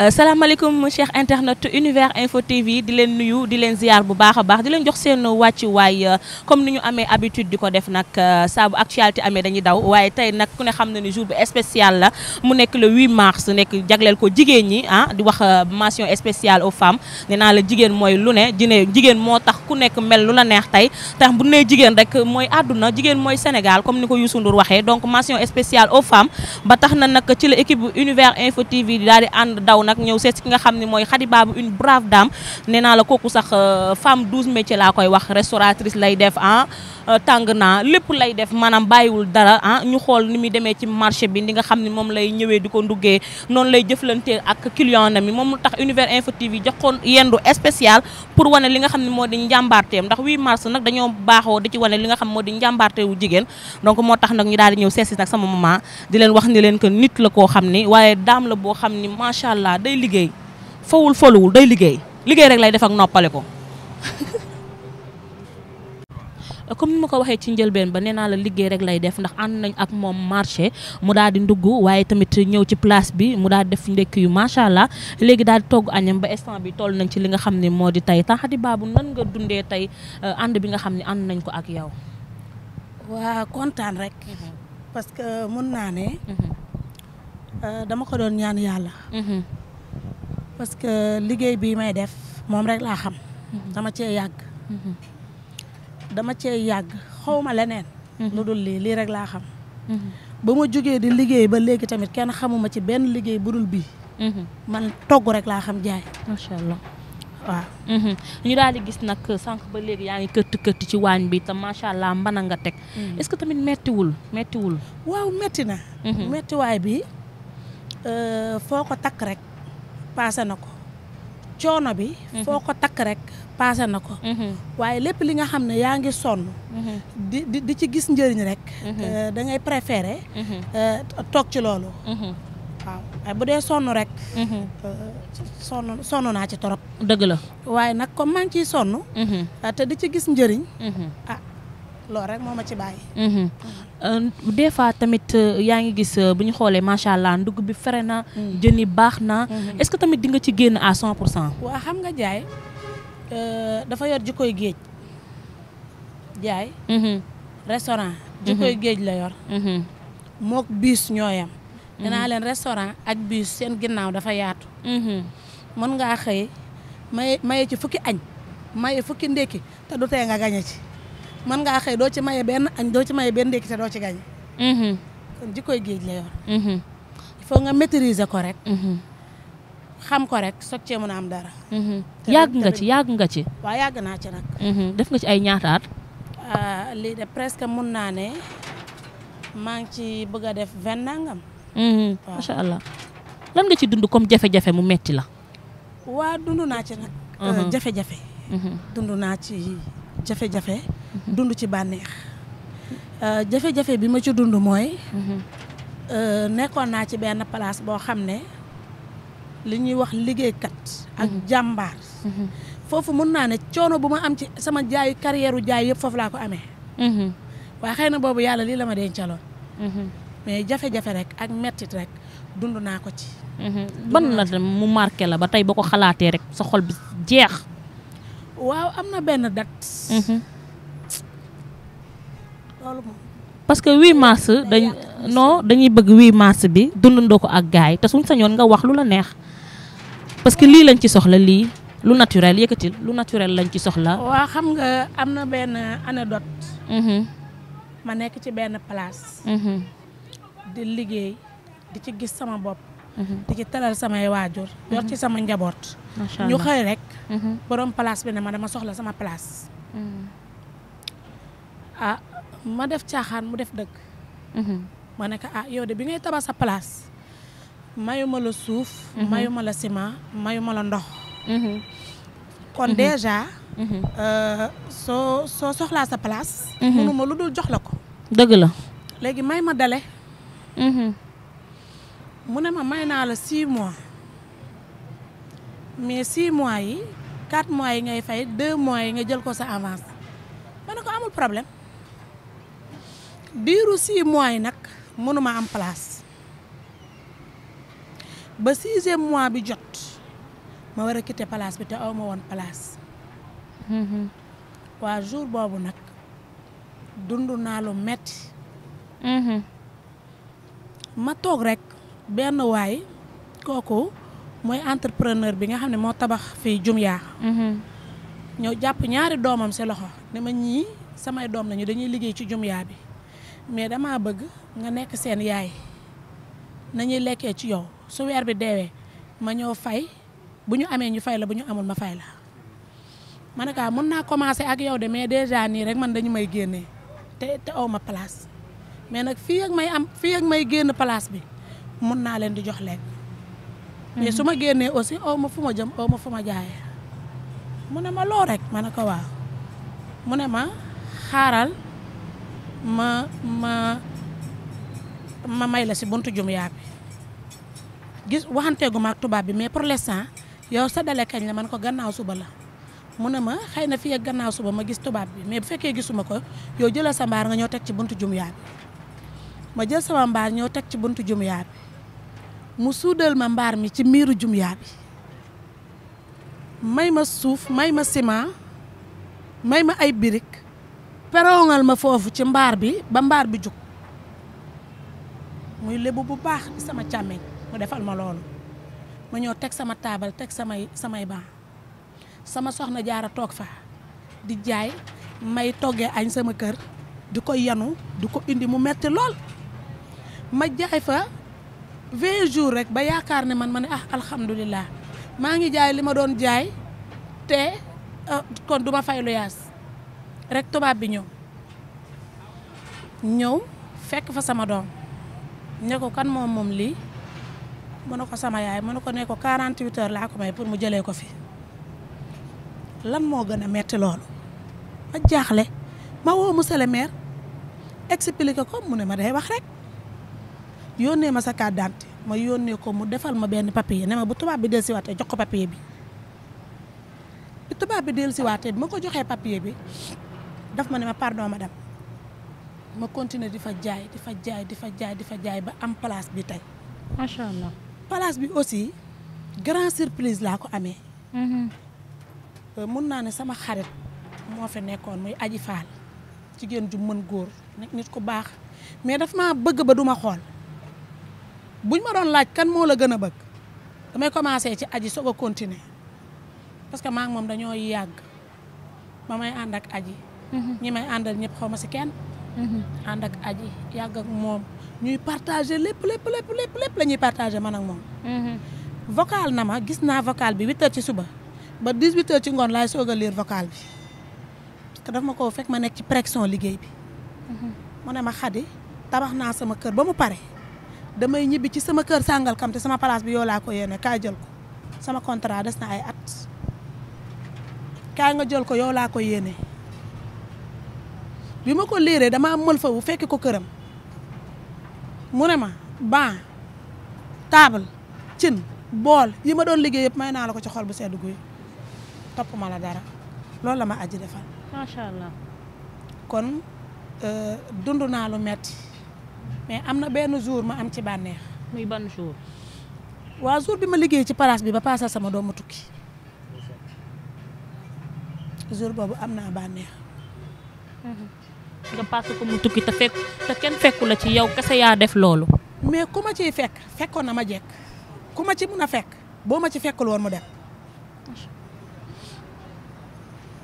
Euh, salaamaaleykum cher internet univers info tv di leen nuyu di leen ziar bu baax a baax di leen jox seen wàccuwaay euh, comme ni ñu amee habitude di ko def nag euh, saa bu actualité amee dañuy daw waaye tey nag ku ne xam na ni jour bu spécial la mu nekk le 8 mars nekk jagleel ko jigéen ñi ah di wax mention spéciale aux femmes nee naa la jigéen mooy lu ne jine jigéen moo tax ku nekk mel lu la neex tey tax bu nee jigéen rek mooy àdduna jigéen mooy Sénégal comme ni ko Youssou waxee donc mention spéciale aux femmes ba tax na nag ci la équipe univers info tv daal di ànd daw nag nag ñëw seet ki nga xam ne mooy Khady une brave dame nee naa la kooku sax euh, femme douze métiers laa koy wax restauratrice lay def ah Euh, tàng naa lépp lay def maanaam bàyyiwul dara ah ñu xool ni muy demee ci marché bi li nga xam ne moom lay ñëwee di ko nduggee noonu lay jëflantee ak client na mi moom tax Univers Info TV joxoon yendu spécial pour wane li nga xam ne moo di njàmbaarteem ndax 8 mars nag dañoo baaxoo di ci wane li nga xam moo di njàmbaarteewu jigéen donc moo tax nag ñu daal di ñëw seesi nag sama maman di leen wax ni leen que nit la koo xam ni waaye daam la boo xam ni macha allah day liggéey fawul foluwul day liggéey liggéey rek lay def ak noppale ko comme ni ma ko waxee ci njëlbeen ba nee naa la liggéey rek lay def ndax ànd nañ ak moom marché mu daal di ndugg waaye tamit ñëw ci place bi mu daal di def ndekki yu macha allah léegi daal di togg añam ba instant bi toll nañ ci li nga xam ne moo di tey Tankhady baabu nan nga dundee tey euh, ànd bi nga xam ne ànd nañ ko ak yow. waa kontaan rek. Mhm. parce que mun naa ne. Mhm. Euh, dama ko doon ñaan yàlla. Mhm. parce que liggéey bi may def moom rek laa xam. dama cee yàgg. dama cee yàgg xawma leneen. Mhm. lu dul lii lii rek laa xam. Mhm. ba ma jógee di liggéey ba léegi tamit kenn xamuma ci benn liggéey bu dul bii. Mhm. man togg rek laa xam jaay. macha allah waaw. ñu daal di gis nag sànq ba léegi yaa ngi këtt këtt ci waañ bi te macha allah mbana nga teg. est-ce que tamit mettiwul mettiwul. waaw metti na. mettiwaay bi euh, foo ko takk rek paase na ko. coono bi mhm. foo ko takk rek paase na ko mhm. waaye lépp li nga xam ne yaa ngi sonn mhm. di di ci gis njëriñ rek euh, da ngay préférer euh, toog ci loolu waaw waaye bu dee sonn rek euh, sonn sonn naa ci torop dëgg la waaye nag comme maa ngi ciy sonn te di ci gis njëriñ ah loolu rek moo ma ci bàyyi Euh, des fois tamit euh, yaa ngi gis euh, bu ñu xoolee macha allah ndugg bi fere na. Mm. jën yi baax na. Mm-hmm. est-ce que tamit di nga ci génn à 100 pour cent. waaw xam nga jaay dafa yor jikkoy géej jaay. Mm-hmm. restaurant. Mm-hmm. jikkoy géej la yor. mook biis ñoo yam leen restaurant ak biis seen ginnaaw dafa yaatu. mën ngaa xëy maye maye ci fukki añ maye fukki ndékki te du tee nga gañe ci. mën ngaa xëy doo ci maye benn añ doo ci maye benn ndékki te doo ci gañ mhm. kon jikkoy géej la mhm. il faut nga maîtriser ko rek mhm. xam ko rek soog cee mën a am dara yàgg nga ci yàgg nga ci waa yàgg naa ci nag def nga ci ay ñaataat ah, lii de presque mun naa ne maa ngi ci bëgg a def vingt nangam macha allah lan nga ci dund comme jafe-jafe mu metti la waa dund naa ci nag jafe-jafe dund naa ci jafe-jafe dund ci bànneex euh, jafe-jafe bi ma ci dund mooy mhm. euh, nekkoon naa ci benn palaas boo xam ne li ñuy wax liggéeykat ak mhm. jàmbaar mhm. foofu mun naa ne coono bu ma am ci sama jaayu carrière jaay yëpp foofu laa ko amee waaye xëy na boobu yàlla lii la ma dencaloon mais jafe-jafe rek ak mettit rek dund naa ko ci ban la mu marqué la ba tey ba ko xalaatee rek sa xol bi jeex waaw am na benn date parce que 8 mars dañ noo dañuy bëgg wii mars bi dundandoo ko ak gaay te suñ sañoon nga wax lu la neex parce que lii lañ ci soxla lii lu naturel yëkkatil lu naturel lañ ci soxla. waaw xam nga am na benn anecdote. Mhm. ma nekk ci benn place. Mhm. di liggéey di ci gis sama bopp. Mhm. di ci talal samay waajur. yor ci sama njaboot. ñu xëy rek. borom place bi ne ma dama soxla sama place. Ah, ma def caaxaan mu def dëgg. Mhm. ma ne ko ah yow de bi ngay tabax sa place mayuma la suuf. Mhm. mayuma la ciment mayuma la ndox. Mhm. kon déjà. Euh, soo soo soxlaa sa place. mënuma lu dul jox la ko. dëgg la. léegi may ma dale. mu ne ma may naa la 6 mois mais 6 mois yi 4 mois yi ngay fay 2 mois yi nga jël ko sa avance ma ne ko amul problème. biiru six mois yi nag mënuma am place ba sixième mois bi jot ma war a quitter place bi te awma woon palaas mm-hmm. waa jour boobu nag dund naa lu metti mm-hmm. ma toog rek benn waay kooku mooy entrepreneur bi nga xam ne moo tabax fii Jumya mm-hmm. ñëw jàpp ñaari doomam si loxo ne ma ñii samay doom nañu dañuy liggéey ci Jumya bi mais damaa bëgg nga nekk seen yaay nañuy lekkee ci yow su weer bi deewee ma ñëw fay bu ñu amee ñu fay la bu ñu amul ma fay la ma ne ko ah, mën naa commencer ak yow de mais déjà nii rek man dañu may génnee te te aw ma place mais nag fii may am fii may génn place bi mën naa leen di jox lekk. mais su ma génnee aussi aw ma fu ma jëm aw ma fu ma jaayee mu ne ma loo rek ma ne ko waaw mu ne ma xaaral. ma ma ma may la si buntu jumyaa bi gis waxanteegu ma ak tubaab bi mais pour l'instant yow sa dale kañ la man ko gannaaw suba la mu ne ma xëy na fii gannaaw suba ma gis tubaab bi mais bu fekkee gisuma ko yow jëlal sa mbaar nga ñëw teg ci buntu jumyaa ma jël sama mbaar ñëw teg ci buntu jumyaa bi mu suudal ma mbaar mi ci miiru jumyaa bi may ma suuf may ma ciment may ma ay birig perongal ma foofu ci mbaar bi ba mbaar bi jug muy lébu bu baax di sama càmmiñ mu defal ma loolu ma ñëw teg sama taabal teg samay samay ban sama soxna jaara toog fa di jaay may toggee añ sama kër di ko yanu di ko indi mu metti lool ma jaay fa vingt jours rek ba yaakaar ne man ma ne ah alhamdulilah maa ngi jaay li ma doon jaay te ah, kon duma fay lu yaas rek tubaab bi ñëw ñëw fekk fa sama doom ne ko kan moom moom lii mu ne ko sama yaay mu ne ko ne ko 48 heures laa ko may pour mu jëlee ko fi lan moo gën a metti loolu ma jaaxle ma woo monsieur expliqué ko mu ne ma day wax rek yónnee ma sa carte ma yónnee ko mu defal ma benn papier ne ma bu tubaab bi del dellusiwaatee jox ko papier bi bi tubaab bi dellusiwaatee bi ma ko joxee papier bi daf ma ne ma pardon madame ma continuer di fa jaay di fa jaay di fa jaay di fa jaay ba am place bi tey. macha allah place bi aussi grand surprise laa ko amee. Mhm. Euh, mun naa ne sama xarit moo fi nekkoon muy aji faal jigéen ju mën góor nekk nit ku baax mais daf maa bëgg ba duma xool buñ ma doon laaj kan moo la gën a bëgg damay commencé ci aji soog a continuer parce que maa ngi moom dañoo yàgg ba may ànd ak aji. Mm-hmm. ñi may àndal ñëpp xaw ma si kenn. Mm-hmm. ànd ak aji yàgg ak moom ñuy partager lépp lépp lépp lépp lépp la ñuy partager man ak moom. Mm-hmm. vocal na ma gis naa vocal bi 8 ci suba ba 18h ci ngoon laay soogal a lire vocal bi parce que ma ko fekk ma nekk ci pression liggéey bi. mu ne ma xadi tabax naa sama kër ba mu pare damay ñibbi ci sama kër sàngal kam te sama place bi yow laa ko yéene kaay jël ko sama contrat des na ay at kaay nga jël ko yow laa ko yéene. bi ma ko liiree damaa mën fa bu fekki ko këram mu ne ma ban table cin bool yi ma doon liggéey yëpp may naa la ko ci xol bu sedd guy topp ma la dara loolu la ma aji defal. macha allah kon euh, dund naa lu metti mais am na benn jour ma am ci bànneex. muy ban jour. waa jour bi ma liggéey ci palaas bi ba paasal sama doomu tukki jour boobu am naa bànneex. Mhm. nga paase ko mu tukki te fekk te kenn fekku la ci yow kese yaa def loolu. mais ku ma ciy fekk fekkoon na ma jekk ku ma ci mun a fekk boo ma ci fekkul woon mu dem.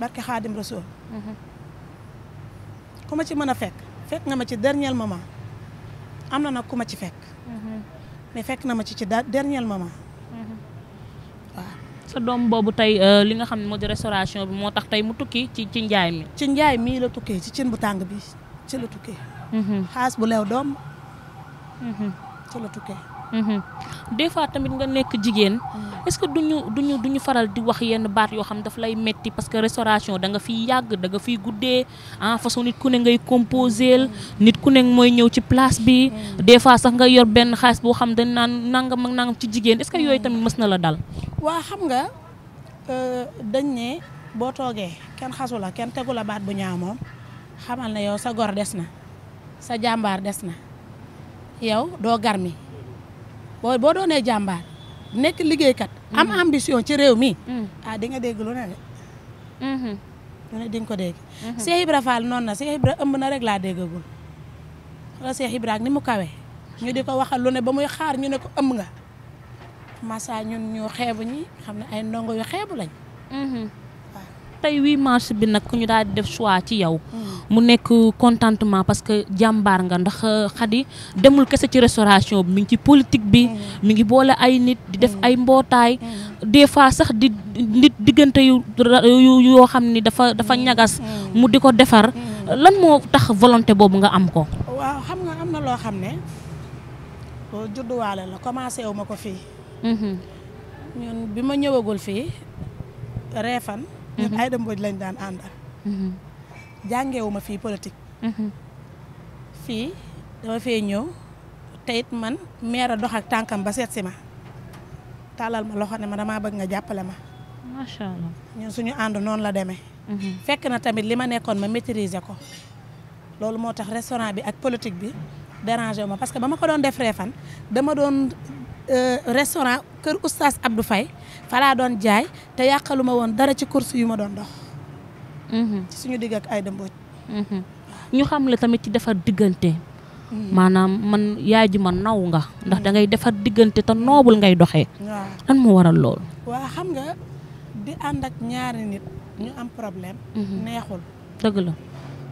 barke xaadim rasul. Mhm. ku ma ci mën a fekk fekk na ma ci dernier moment am na nag ku ma ci fekk. Mhm. mais fekk na ma ci ci dernier moment. sa doom boobu tey euh, li nga xam ne moo di restauration bi moo tax tey mu tukki ci ci njaay mi. ci njaay mii la tukkee ci cin bu tàng bi ci la tukkee. Mm-hmm. xaas bu leew doom. Mm-hmm. ci la tukkee. Mm-hmm. des fois tamit nga nekk jigéen. Mm. est-ce que duñu duñu duñu faral di wax yenn baat yoo xam daf lay metti parce que restauration da nga fiy yàgg danga nga guddee en ah, façon nit ku ne ngay composeel mm. nit ku ne mooy ñëw ci place bi. Mm. des fois sax nga yor benn xaalis boo xam dañ naan nangam ak nangam ci jigéen est que yooyu tamit mës na la dal. waa xam nga euh, dañ ne boo toogee kenn xasu la kenn tegula baat bu ñaaw moom xamal na yow sa gor des na sa jàmbaar des na yow doo garmi boo boo doonee jàmbaar nekk liggéeykat. am mm-hmm. ambition ci réew mi. Mm. ah di nga dégg lu ne de. Mm-hmm. lu ne di ko dégg. Mm-hmm. Cheikh Ibra Fall noonu na Cheikh Ibra ëmb na rek laa déggagul wala Cheikh Ibra ni mu kawe ñu di ko waxal lu ne ba muy xaar ñu ne ko ëmb nga massa ñun ñu xeebu ñi xam ne ay ndongo yu xeebu lañ. tey 8 mars bi nag ku ñu daal di def choix ci yow. Mm. mu nekk contentement parce que jàmbaar nga ndax xadi euh, demul kese ci restauration bi mu ngi ci politique bi. Mm. mi ngi boole ay nit di def mm. ay mbootaay. des fois sax di nit diggante yu yoo xam ni dafa dafa ñagas. mu di ko defar. lan moo tax volonté boobu nga am ko. waaw xam nga am na loo xam ne oh, judduwaale la commencé wu ma ko fii. Mm-hmm. ñun bi ma ñëwagul fii Réfane. ñun mhm. Aïda Mbodj lañ daan àndal. Mhm. jàngeewu ma fii politique. Mhm. fii dama fee ñëw te it man meer a dox ak tànkam ba seet ma tàllal ma loxo ne ma dama bëgg nga jàppale ma. macha allah ñun suñu ànd noonu la demee. fekk na tamit li ma nekkoon ma maîtriser ko. loolu moo tax restaurant bi ak politique bi déranger ma parce que ba ma ko doon def reefan dama doon Euh, restaurant kër oustaz du Faye falaa doon jaay te yàqaluma woon dara ci course yu ma doon dox. Mhm. suñu digg ak Aïda Mbodj. Mhm. ñu xam la tamit ci defar diggante. Mhm. maanaam man yaay ji ma naw nga ndax dangay defar diggante te noobul ngay doxee. lan moo waral lool. waaw xam nga di ànd ak ñaari nit ñu am problème. neexul dëgg la.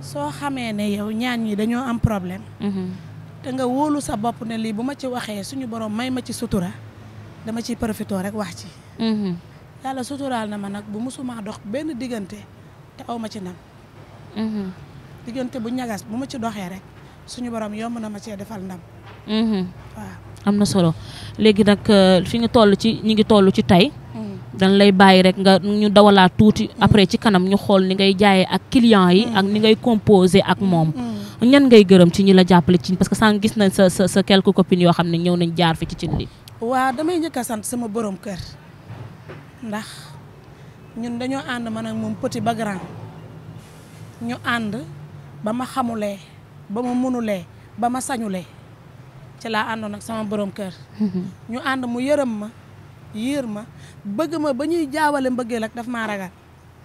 soo xamee ne yow ñaan ñi dañoo am problème. te nga wóolu sa bopp ne lii bu ma ci waxee suñu borom may ma ci sutura dama ciy profitoo rek wax ci. Mm-hmm. yàlla suturaal na ma nag bu musuma dox benn diggante te aw ma ci nam mm-hmm. diggante bu ñagas bu ma ci doxee rek suñu borom yomb na ma cee defal ndam. Mm-hmm. waaw am na solo léegi nag euh, fi nga toll ci ñi ngi tollu ci tey. dañ lay bàyyi rek nga ñu dawalaa tuuti mm. après ci kanam ñu xool ni ngay jaayee ak client yi ak ni ngay composé ak mm. moom mm. ñan ngay gërëm ci ñi la jàppale ci parce que sànq gis nañ sa sa sa quelques copines yoo xam ne ñëw nañ jaar fi ci cin li waaw damay njëkk a sant sama borom kër ndax ñun dañoo ànd man moom petit ba ñu ànd ba ma xamulee ba ma mënulee ba ma sañule ci laa àndoon nag sama borom kër mm-hmm. ñu ànd mu yërëm ma yéer ma bëgg ma ba ñuy jaawale mbëggeel ak daf maa ragal.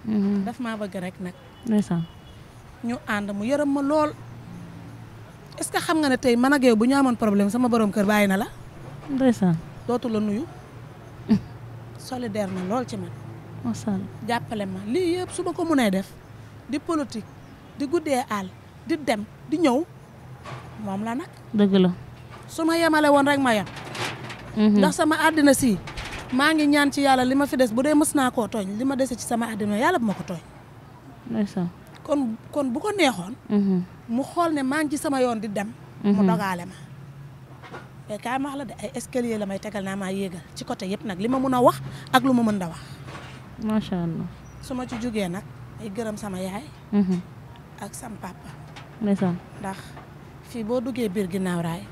Mhm. daf maa bëgg rek nag. ndeysaan ñu ànd mu yërëm ma lool. est-ce que xam nga ne tey man ak yow bu ñu amoon problème sama borom kër bàyyi na la. ndeysaan dootu la nuyu. solidaire na lool ci man. jàppale ma lii yëpp su ma ko mënee def di politique di guddee àll di dem di ñëw moom la nag. dëgg la su ma yemale woon rek ma yem. Mhm. ndax sama àddina si maa ngi ñaan ci yàlla li ma fi des bu dee mës naa koo tooñ li ma dese ci sama àddina yàlla bu ma ko tooñ. ndeysaan kon kon bu ko neexoon. Mhm. mu xool ne maa ngi ci sama yoon di dem. mu mhm. dogaale ma. mais kaay la de ay escalier la may tegal naa maa yéegal ci côté yëpp nag li ma mun a wax ak lu ma mën da wax. macha allah. su ma ci jógee nag ay gërëm sama yaay. Mhm. ak sam papa. ndeysaan ndax fii boo duggee biir ginnaaw raay.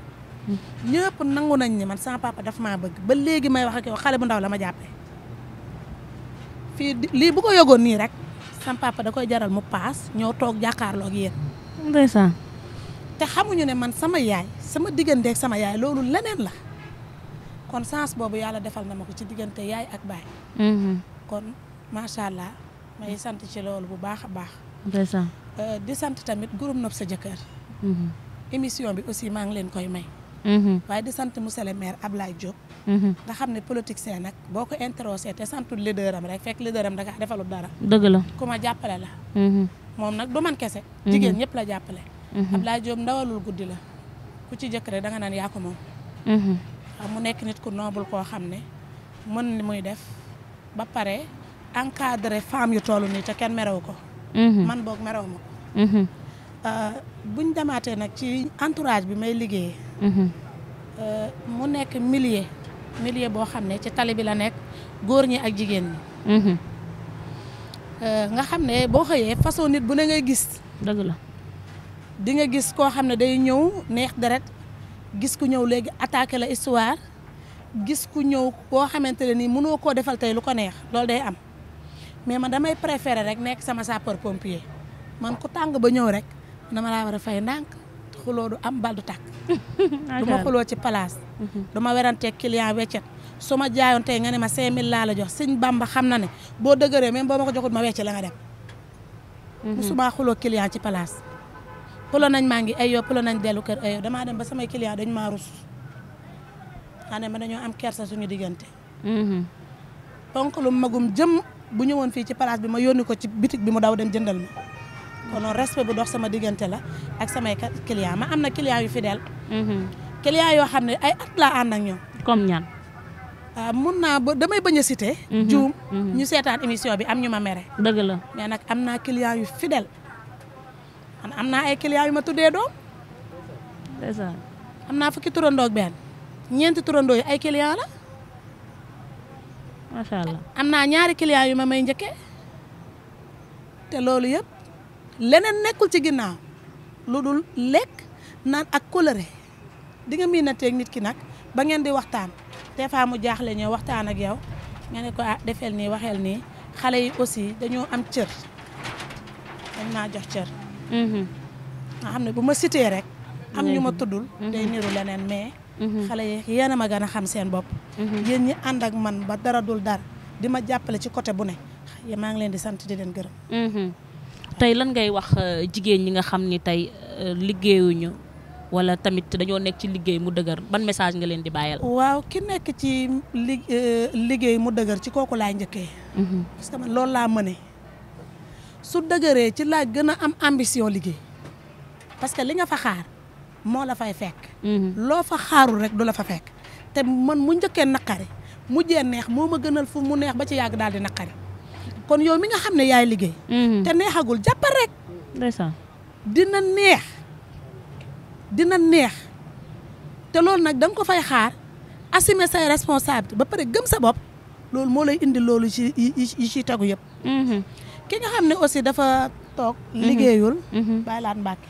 ñëpp nangu nañ ni man sama papa daf maa bëgg ba léegi may wax ak yow xale bu ndaw la ma jàppee fii lii bu ko yogoon nii rek sama papa da koy jaral mu paas ñëw toog jàkkaarloo yéen. ndeysaan. te xamuñu ne man sama yaay sama digganteeg sama yaay loolu leneen la kon sens boobu yàlla defal na ma ko ci diggante yaay ak baay. Mm-hmm. kon macha allah may sant ci loolu bu baax a baax. ndeysaan. Euh, di sant tamit groupe nopp sa jëkkër. Mm-hmm. émission bi aussi maa ngi leen koy may. Mm-hmm. waaye di sant mu le maire Ablaye Diop. Mm-hmm. nga xam ne politicien nag boo ko interrogé te santul leader am rek fekk leader am da nga defalu dara. dëgg la ku jàppale la. Mm-hmm. moom nag du man kese. jigéen ñëpp la jàppale. Ablaye Diop ndawalul guddi la ku ci jëkk rek da nga naan yaa ko moom. mu nekk nit ku noble koo xam ne mën li muy def ba pare encadré femme yi toll nii te kenn merew ko. man boog merew ma ko. Euh, buñ demaatee nag ci entourage bi may liggéey mhm. euh, mu nekk millier millier boo xam ne ci tali bi la nekk góor ñi ak jigéen ñi mhm. euh, nga xam ne boo xëyee façon nit bu ne ngay gis dëgg la di nga gis koo xam ne day ñëw neex deret gis ku ñëw léegi attaqué la histoire gis ku ñëw koo xamante ne nii mënoo koo defal tey lu ko neex loolu day am mais man damay préférer rek nekk sama sapeur pompier man ku tàng ba ñëw rek dama laa war a fay ndànk xuloo du am bal du du ma xuloo ci place mhm. du ma werantee client weccet su ma jaayoon tey nga ne ma cinq mille laa la jox sëñ Bamba xam na ne boo dëgëree même boo ma ko joxut ma wecc la nga dem mhm. musuma xuloo client ci place pulo nañ maa ngi ay yow nañ dellu kër ay yow damaa dem ba samay client dañ ma rus xanaa ma dañoo am kersa suñu diggante mhm. ponk lu magum jëm bu ñëwoon fii ci place bi ma yónni ko ci bitig bi mu daw dem jëndal non respect bu dox sama diggante la ak samay client ma am na client yu fidèle mhm. client yoo xam ne ay at laa ànd ak ñoom comme ah, mun naa ba damay bañ a mhm. Mhm. ñu seetaan émission bi am ñu ma mere dëgg la mais nag am naa client yu fidel man am naa ay client yu ma tuddee doom ndeysaan am na fukki turandoo ak benn ñeenti turandoo yi ay client la macha allah am naa ñaari client yu ma may njëkke te loolu yëpp leneen nekkul ci ginnaaw lu dul lekk naan ak coloré di nga miinanteeg nit ki nag ba ngeen di waxtaan te fois mu jaaxle ñëw waxtaan ak yow nga ne ko ah defeel nii waxeel nii xale yi aussi dañoo am cër dañ maa jox cër. Mm-hmm. nga xam ne bu ma sitee rek. am ñu ma tuddul. Mm-hmm. day niru leneen mais. Mm-hmm. xale yi yéen a ma gan a xam seen bopp. yéen ñi ànd ak man ba dara dul dara di ma jàppale ci côté bu ne maa ngi leen di sant di leen gërëm. tey lan ngay wax euh, jigéen ñi nga xam ni tey euh, liggéeyuñu wala tamit dañoo nekk ci liggéey mu dëgër man message nga leen di bàyyal. waaw ki nekk ci li euh, liggéey mu dëgër ci kooku laay njëkkee. Mhm. parce man loolu laa mëne su dëgëree ci laa gën a am ambition liggéey parce que li nga fa xaar moo la fay fekk. Mhm. loo fa xaarul rek du la fa fekk te man mu njëkkee naqari mujjee neex moo ma gënal fu mu neex ba ci yàgg daal di naqari. kon yow mi nga xam ne yaay liggéey. Mhm. te neexagul jàppal rek. ndeysaan dina neex dina neex te loolu nag da ko fay xaar assumer say responsabilité ba pare gëm sa bopp loolu moo lay indi loolu ci yi ci tagu yëpp. Mhm. ki nga xam ne aussi dafa toog. Mhm. liggéeyul. bàyyi laat mbàkke.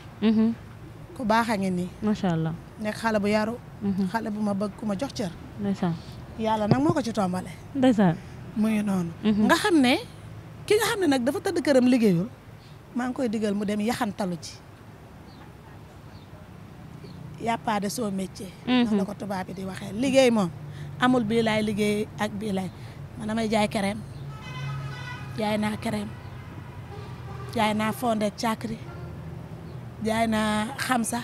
ku baax a ngi nii. macha allah nekk xale bu yaru. xale bu ma bëgg ku ma jox cër. yàlla nag moo ko ci tombale. ndeysaan mu ngi noonu. nga xam ne ki nga xam ne nag dafa tëdd këram liggéeyul maa ngi koy digal mu dem yaxantalu ci yàppaade soo métier. Mm-hmm. noonu la ko tubaab bi di waxee liggéey moom amul bii liggéey ak bii laay man damay jaay crème jaay naa crème jaay naa fondé càkkri jaay naa xamsa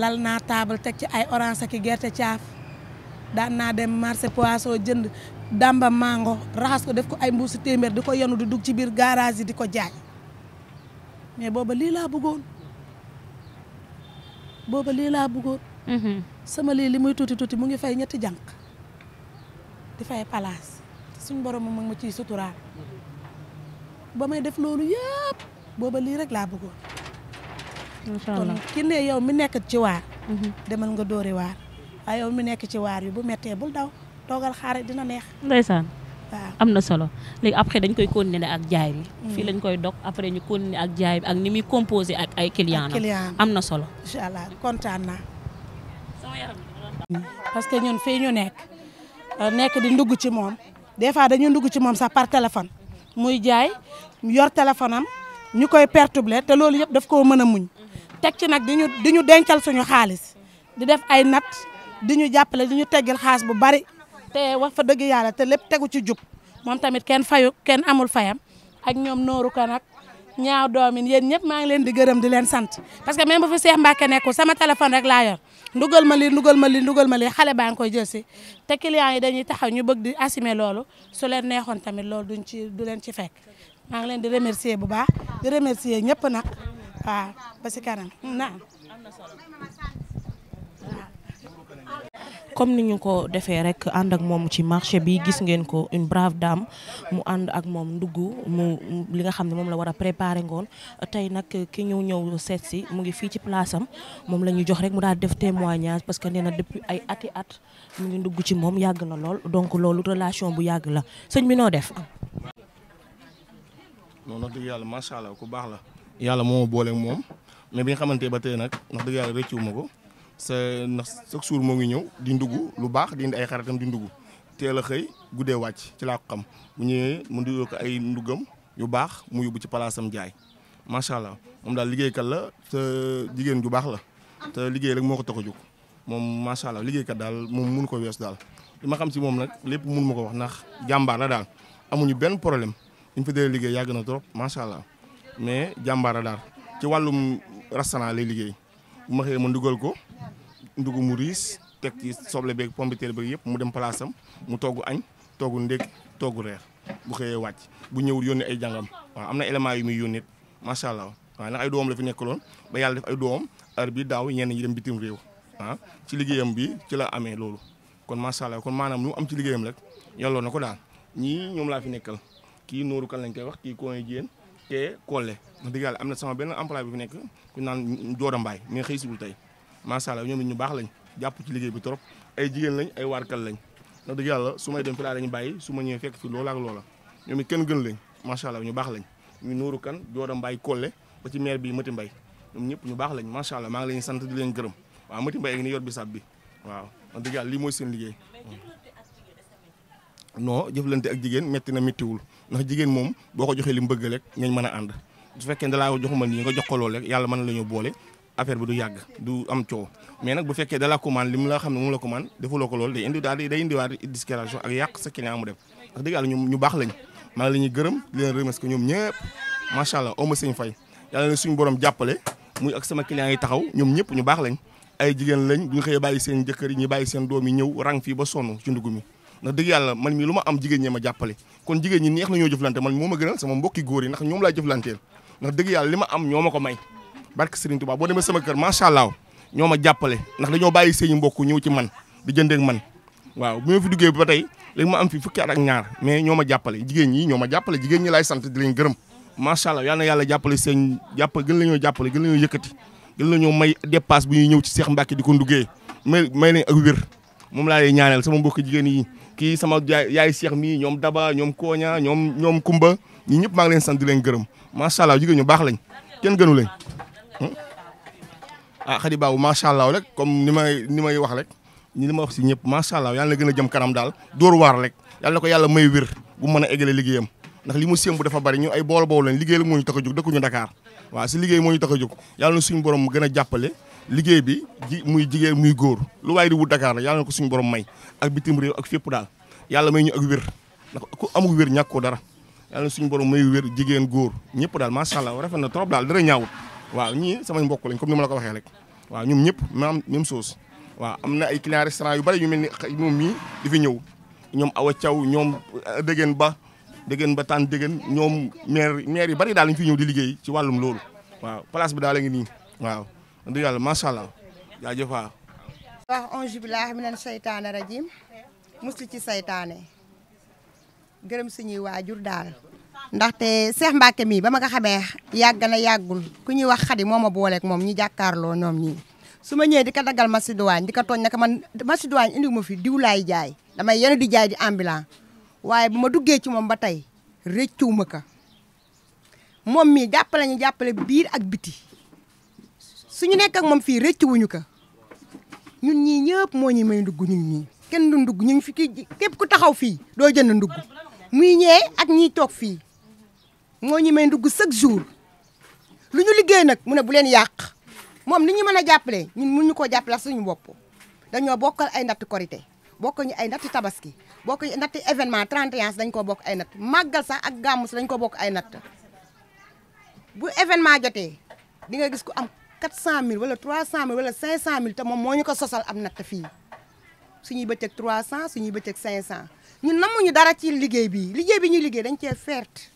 lal naa taabal teg ci ay orange ak gerte caaf daan naa dem marché poisson jënd damba màngo raxas ko def ko ay mbuusi téeméer di ko yenu di dugg ci biir garage yi di ko jaay mais booba lii laa bëggoon booba lii laa bëggoon. Mm-hmm. sama lii li muy tuuti tuuti mu ngi fay ñetti jànq di fay palaas suñ borom mu ma ciy suturaal ba may def loolu yëpp booba lii rek laa bëggoon. incha allah ki ne yow mi nekk ci waar. Mm-hmm. demal nga dóori waar waaye yow mi nekk ci waar yi bu mettee bul daw. toogal xaar dina neex. ndeysaan. waaw am na solo léegi après dañ koy continuer ak jaay bi. Mm. fii lañ koy dog après ñu continuer ak jaay bi ak ni muy composé ak ay clients am na solo. incha allah kontaan parce que ñun fii ñu nekk euh, nekk di ndugg ci moom des fois dañu ndugg ci moom sax par téléphone muy jaay yor téléphone am ñu koy perturbé te loolu yëpp daf koo mën a muñ teg ci nag di ñu di ñu dencal suñu xaalis di def ay nat di ñu jàppale di ñu teggal xaalis bu bari te wax fa dëgg yàlla te lépp tegu ci jub moom tamit kenn fayu kenn amul fayam ak ñoom nooru ko nag ñaaw doomin yéen ñëpp maa ngi leen di gërëm di leen sant parce que même bu fi Cheikh Mbacke nekkul sama téléphone rek laa yor ndugal ma li ndugal ma li ndugal ma li xale baa ngi koy jël si te clients yi dañuy taxaw ñu bëgg di assumer loolu su leen neexoon tamit loolu duñ ci du leen ci fekk maa ngi leen di remercier bu baax di remercier ñëpp nag waaw parce que kanam naam comme ni ñu ko defee rek ànd ak moom ci marché bi gis ngeen ko une brave dame mu ànd ak moom ndugg mu li nga xam ne moom la war a préparer ngoon tey nag ki ñëw ñëw seet si mu ngi fii ci place am moom la ñu jox rek mu daal def témoignage parce que nee na depuis ay ati at mu ngi ndugg ci moom yàgg na lool donc loolu relation bu yàgg la sëñ bi noo def. noonu wax dëgg yàlla macha allah ku baax la. yàlla moo boole moom mais bi nga xamante ba tey nag wax dëgg yàlla ma ko. sa ndax chaque jour moo ngi ñëw di ndugg lu baax di ay xaritam di ndugg teel a xëy guddee wàcc ci laa ko xam bu ñëwee mu ndugg ko ay ndugam yu baax mu yóbbu ci palaasam jaay macha allah moom daal liggéey kat la te jigéen ju baax la te liggéey rek moo ko tax a jóg moom macha allah liggéeykat daal moom mun ko wees daal. li ma xam si moom nag lépp mun ma ko wax ndax jàmbaar la daal amuñu benn problème ñu fa dee liggéey yàgg na trop macha allah mais jàmbaar la daal ci wàllum restaurant lay liggéey bu ma xëyee ma ndugal ko. ndugg mu riis teg ci soble beeg pombiteer beeg yëpp mu dem place am mu togg añ togg ndékki togg reer bu xëyee wàcc bu ñëwul yónni ay jàngam waa am na élément yu muy yónnit macha allah waaw ndax ay doom la fi nekkaloon ba yàlla def ay doomam heure bi daaw ñenn ñi dem bitim réew ah ci liggéeyam bi ci la amee loolu kon macha allah kon maanaam lu mu am ci liggéeyam rek yàlla na ko daal ñii ñoom laa fi nekkal kii nooru kan lañ koy wax kii kooy jéen te Kole wax yàlla am na sama benn emploi bi fi nekk ku naan Jooda Mbaay mi nga xëy tey macha allah ñoom ñu baax lañ jàpp ci liggéey bi trop ay jigéen lañ ay waarkal lañ ndax dëgg yàlla su may dem fi laa dañu bàyyi su ma ñëwee fekk fi loola ak loola ñoom it kenn gën lañ macha allah ñu baax lañ ñu nuuru kan jooda mbaay kolle ba ci maire bi mati mbay ñoom ñëpp ñu baax lañ macha allah maa ngi leen sant di leen gërëm waaw mati mbay ak ni yor bi sab bi waaw wax dëgg yàlla lii mooy seen liggéey non jëflante ak jigéen metti na méttiwul ndax jigéen moom boo ko joxee li mu bëgg rek ngeen mën a ànd su fekkee da laa joxuma nii nga jox ko rek yàlla mën la ñu boole affaire bi du yàgg du am coow mais nag bu fekkee da la commande li mu la xam ne moom la commande defuloo ko loolu day indi daal day ak yàq sa client mu def wax ñu baax lañ maa ngi la gërëm di leen ñoom ñëpp macha allah oma sëñ fay yàlla na suñu borom jàppale muy ak sama client yi taxaw ñoom ñëpp ñu baax lañ ay jigéen lañ bu ñu xëyee bàyyi seen jëkkër ñu bàyyi seen doom yi ñëw rang fii ba sonn ci ndugg mi ndax yàlla man mi lu ma am jigéen ñee ma jàppale kon jigéen ñi neex na ñoo man moo ma gënal sama mbokki góor yi ndax ñoom laa jëflanteel ndax dëgg yàlla li ma am ñoo ma ko may barke Serigne Touba boo demee sama kër macha allah ñoo ma jàppale ndax dañoo bàyyi seeni mbokk ñëw ci man di jëndee man waaw bu ma fi duggee ba tey léegi ma am fi fukki at ak ñaar mais ñoo ma jàppale jigéen ñi ñoo ma jàppale jigéen ñi laay sant di leen gërëm macha allah yal na jàppale seen jàpp gën la ñoo jàppale gën la ñoo yëkkati gën la ñoo may dépasse bu ñuy ñëw ci Seex Mbàkke di ko nduggee may may leen ak wér moom laa lay ñaanal sama mbokk jigéen yi kii sama yaay Seex mii ñoom Daba ñoom Koña ñoom ñoom Kumba ñi ñëpp maa ngi leen sant di leen gërëm macha allah jigéen ñu baax lañ kenn gënu leen Hmm? ah Khady Babou macha allah rek comme ni may ni may wax rek ñi li ma wax si ñëpp macha allah yàlla na gën a jëm kanam daal dóor waar rek yàlla na ko yàlla may wér bu mën a eggale liggéeyam ndax li mu sémb dafa bari ñu ay bool bool lañ liggéey la moo ñu tax a jóg dëkkuñu Dakar waaw si liggéey moo ñu tax a jóg yàlla na gën a jàppale liggéey bi ji muy jigéen muy góor lu waaye di wut Dakar la yàlla na ko suñu borom may ak bitim réew ak fépp daal yàlla may ñu ak wér ndax ku amul wér ñàkkoo dara yàlla na suñu borom may wér jigéen góor ñëpp daal macha allah rafet na trop daal dara ñaawut waaw ñii sama mbokk lañ comme ni ma la ko waxee rek waaw ñoom ñëpp maam même chose waaw am na ay clients restaurant yu bari yu mel ni moom mii di fi ñëw ñoom Awa Thiaw ñoom euh, Dégeen Ba Dégeen Ba tànn Dégeen ñoom maire yi bari daal lañ fi ñëw di liggéey ci wàllum loolu waaw place bi daal la ngi nii waaw du yàlla macha allah jaajëf waaw wax ange billahi minan seytaane rajim musli ci seytaane gërëm suñuy waajur daal ndaxte Cheikh Mbacke mii ba ma nga xamee yàgg na yàggul ku ñuy wax xadi moo ma booleeg moom ñu jàkkaarloo ñoom ni su ma ñëwee di ka daggal masidouane di ko tooñ naka man masidouane indi ma fi diw laay jaay damay yenu di jaay di ambulant waaye bu ma duggee ci moom ba tey rëccuwuma ka moom mii jàppale ñu jàppale biir ak biti suñu nekk ak moom fii rëccuwuñu ko ñun ñii ñëpp moo ñuy may ndugg ñun ñi kenn du ndugg ñu ngi fi képp ku taxaw fii doo jënd ndugg muy ñee ak ñiy toog fii moo ñu may ndugg chaque jour lu ñu liggéey nag mu ne bu leen yàq moom ni ñu mën a jàppale ñun mun ñu koo jàppale suñu bopp dañoo bokkal ay natt korité bokk ñu ay natt tabaski bokk ñu natt événement 31 dañ ko bokk ay natt màggal sax ak gàmmu si dañ ko bokk ay natt bu événement jotee di nga gis ku am 400000 wala 300000 wala 500000 te moom moo ñu ko sosal am natt fii suñuy bëccëg 300 suñuy bëccëg 500 ñun namuñu dara ci liggéey bii liggéey bi ñu liggéey dañ cee ferte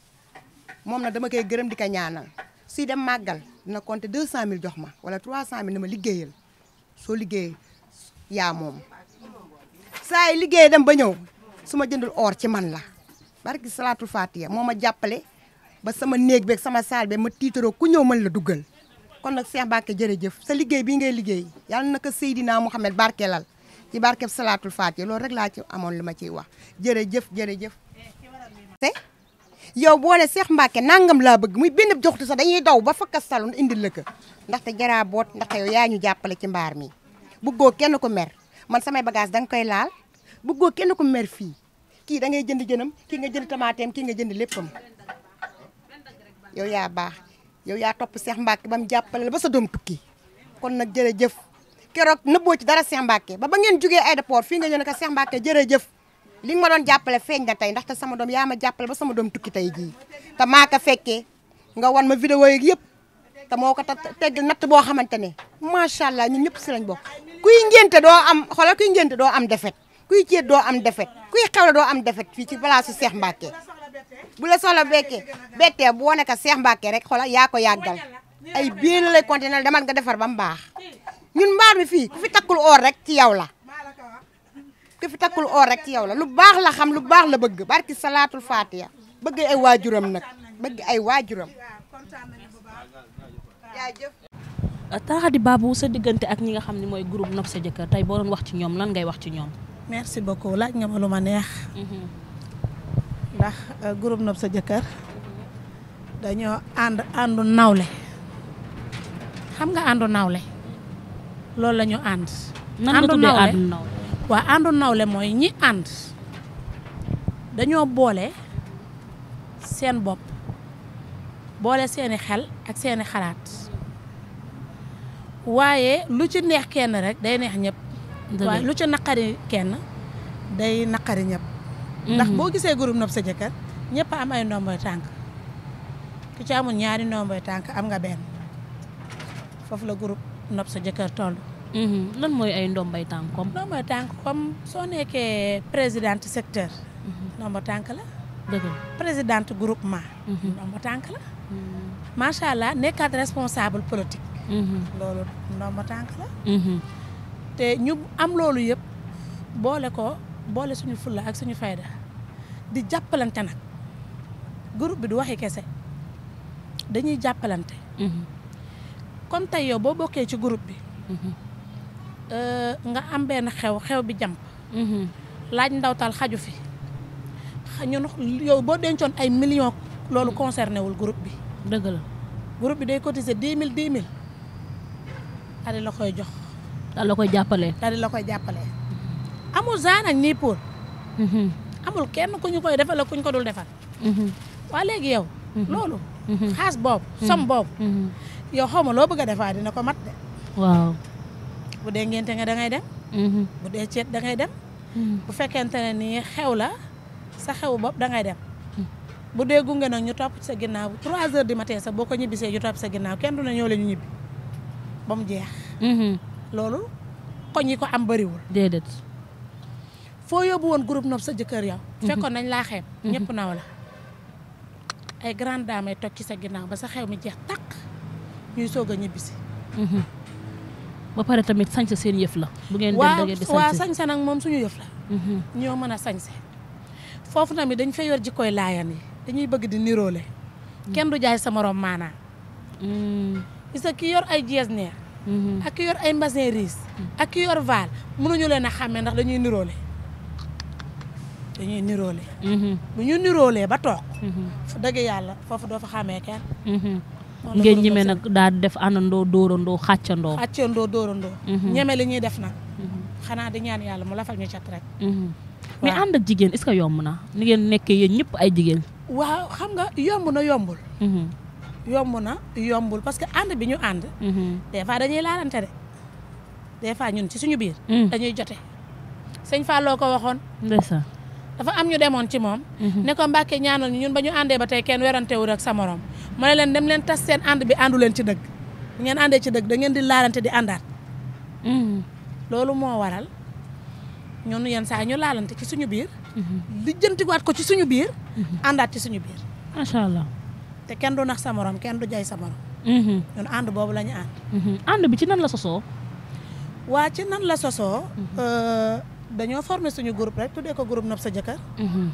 moom nag dama koy gërëm di ko ñaanal si dem màggal dina cent 200000 jox ma wala 300000 na ma liggéeyal soo liggéey yaa moom saa yi liggéey dem ba ñëw su ma jëndul oor ci man la barki salaatul fatiha moo ma jàppale ba sama néeg beeg sama saal beeg ma ku ñëw mën la duggal kon nag Cheikh Mbacke jërëjëf sa liggéey bii ngay liggéey yàlla na ko Seydina barke barkeelal ci barke salaatul fatiha loolu rek laa ci amoon li ma ciy wax jëf jërëjëf jërëjëf. yow boo ne Cheikh nangam laa bëgg muy benn joxtu sax dañuy daw ba fakka saloon indil la ko ndaxte jaraa boot ndaxte yow yaa ñu jàppale ci mbaar mi bëggoo kenn ko mer man samay bagage da nga koy laal bëggoo kenn ko mer fii kii da ngay jënd jënam kii nga jënd tamaateem kii nga jënd léppam yow yaa baax yow yaa topp seex Mbacke ba jàppale la ba sa doom tukki kon nag jërëjëf na nëbboo ci dara Cheikh Mbacke ba ba ngeen jugee aéroport fii nga ñëw ne ko Cheikh Mbacke jërëjëf li nga ma doon jàppale feeñ na tey ndaxte sama doom yaa ma jàppale ba sama doom tukki tey jii te maaka ko fekkee nga wan ma vidéo yi yëpp te moo ko teggal natt boo xamante ne macha allah ñun ñëpp si lañ bokk. kuy ngénte doo am xoolal kuy ngénte doo am defet kuy ceet doo am defet kuy xewle doo am defet fii ci palaasu Cheikh Mbacké bu la soxla bekkee bettee bu wane ko Cheikh Mbacké rek xoolal yaa ko yàggal ay biir la lay continué demal nga defar ba mu baax ñun mbaar mi fii ku fi takkul or rek ci yow la. ku fi takkul oor rek ci yow la lu baax la xam lu baax la bëgg barki salaatul faatiya bëgg ay waajuram nag bëgg ay waajuram ah, Taaxadi Babou sa diggante ak ñi nga xam ni mooy groupe Nopp sa jëkkër tey boo doon wax ci ñoom lan ngay wax ci ñoom merci beaucoup laaj nga ma lu ma neex mhm. ndax euh, groupe Nopp sa jëkkër dañoo ànd àndu nawle xam nga àndu nawle loolu la ñu ànd àndu nawle waa àndu nawle mooy ñii ànd dañoo boole seen bopp boole seeni xel ak seeni xalaat waaye lu ci neex kenn rek day neex ñëpp waaye lu ci naqari kenn day naqari ñëpp mhm. ndax boo gisee groupe nopp sa jëkkër ñëpp am ay ndomboy tànk ku ci amul ñaari ndomboy tànk am nga benn foofu la groupe nopp sa jëkkër toll Mm-hmm. lan mooy ay ndombay tànk comme. ndombay tànk comme soo nekkee présidente secteur. Mm-hmm. ndomba tànk la. dëgg présidente groupement. Mm-hmm. ndomba tànk la. macha allah nekkaat responsable politique. loolu ndomba tànk la. te ñu am loolu yëpp boole ko boole suñu fulla ak suñu fayda di jàppalante nag groupe bi di waxi kese dañuy jàppalante. comme tey yow boo bokkee ci groupe bi. Euh, nga am benn xew xew bi jàmp mhm. laaj ndawtal xaju fi ñun yow boo dencoon ay millions loolu concerné wul groupe bi dëgg la groupe bi day cotiser dix mille dix mille daal di la koy jox daal la koy jàppale daal la koy jàppale amul zaanañ nii pour mhm. amul kenn ku ñu koy defale ku ñu ko dul defal mhm. waa léegi yow loolu xaas boobu som boobu yow xaw ma loo bëgg a defaa dina ko mat de waaw bu dee ngénte nga dangay dem. Mhm. bu dee ceet dangay dem. Mhm. bu fekkente ne nii xew la sa xew bopp da ngay dem. Mhm. bu dee gunge nag ñu topp sa ginnaaw 3 heures du matin sax boo ñibbisee ñu topp sa ginnaaw kenn du na ñëw la ñu ñibbi ba jeex. loolu koñ yi ko am bëriwul. déedéet. foo yóbbu woon groupe sa jëkkër yow. fekkoon nañ laa xeeb. ñëpp naw la. ay grande dame ay ci sa ginnaaw ba sa xew mi jeex tàq ñuy soog a ñibbisi. ba pare tamit sañse seen yëf la. bu ngeen dem da ngeen di sañse waaw moom suñu yëf la. Mhm. ñoo mën a sañse foofu nag tamit dañ fay yor jikkoy laayan yi dañuy bëgg di niroole. Mhm. kenn du jaay sa morom maanaa. Mm. sa nga ki yor ay jees neer. Mhm. ak yor ay mbasin riis. ak yor vaal mënuñu leen a xàmmee ndax dañuy niroole. dañuy niroole. bu ñu niroolee ba toog. fa dëgg yàlla foofu doo fa xàmmee kenn. ngeen ñeme nag daal di def àndandoo dóorandoo xàccandoo. xàccandoo dóorandoo. Mhm. ñeme li ñuy def nag. Mhm. xanaa di ñaan yàlla mu lafal ñu cat rek. Mhm. mais ànd ak jigéen est-ce que yomb na ni ngeen nekkee yéen ñëpp ay jigéen. waaw xam nga yomb na yombul. yomb na yombul parce que ànd bi ñu ànd. des fois dañuy laalante de des fois ñun ci suñu biir. dañuy jote sëñ Fallou ko waxoon. ndeysaan dafa am ñu demoon ci moom mhm. ne ko Mbàkke ñaanal ñu ñun ba ñu àndee ba tey kenn werantewul ak sa morom mu leen dem leen tas seen ànd bi àndu leen ci dëgg bu ngeen àndee ci dëgg da ngeen di laalante di àndaat mhm. loolu moo waral ñun yenn saa ñu laalante ci suñu biir mhm. lijjantiwaat ko ci suñu biir àndaat ci suñu biir macha allah te kenn du nax sa morom kenn du jay sa morom ñun ànd boobu la ñu ànd ànd bi ci nan la sosoo waa ci nan la sosoo euh, dañoo former suñu groupe rek tuddee ko group nopp sa jëkkër mhm.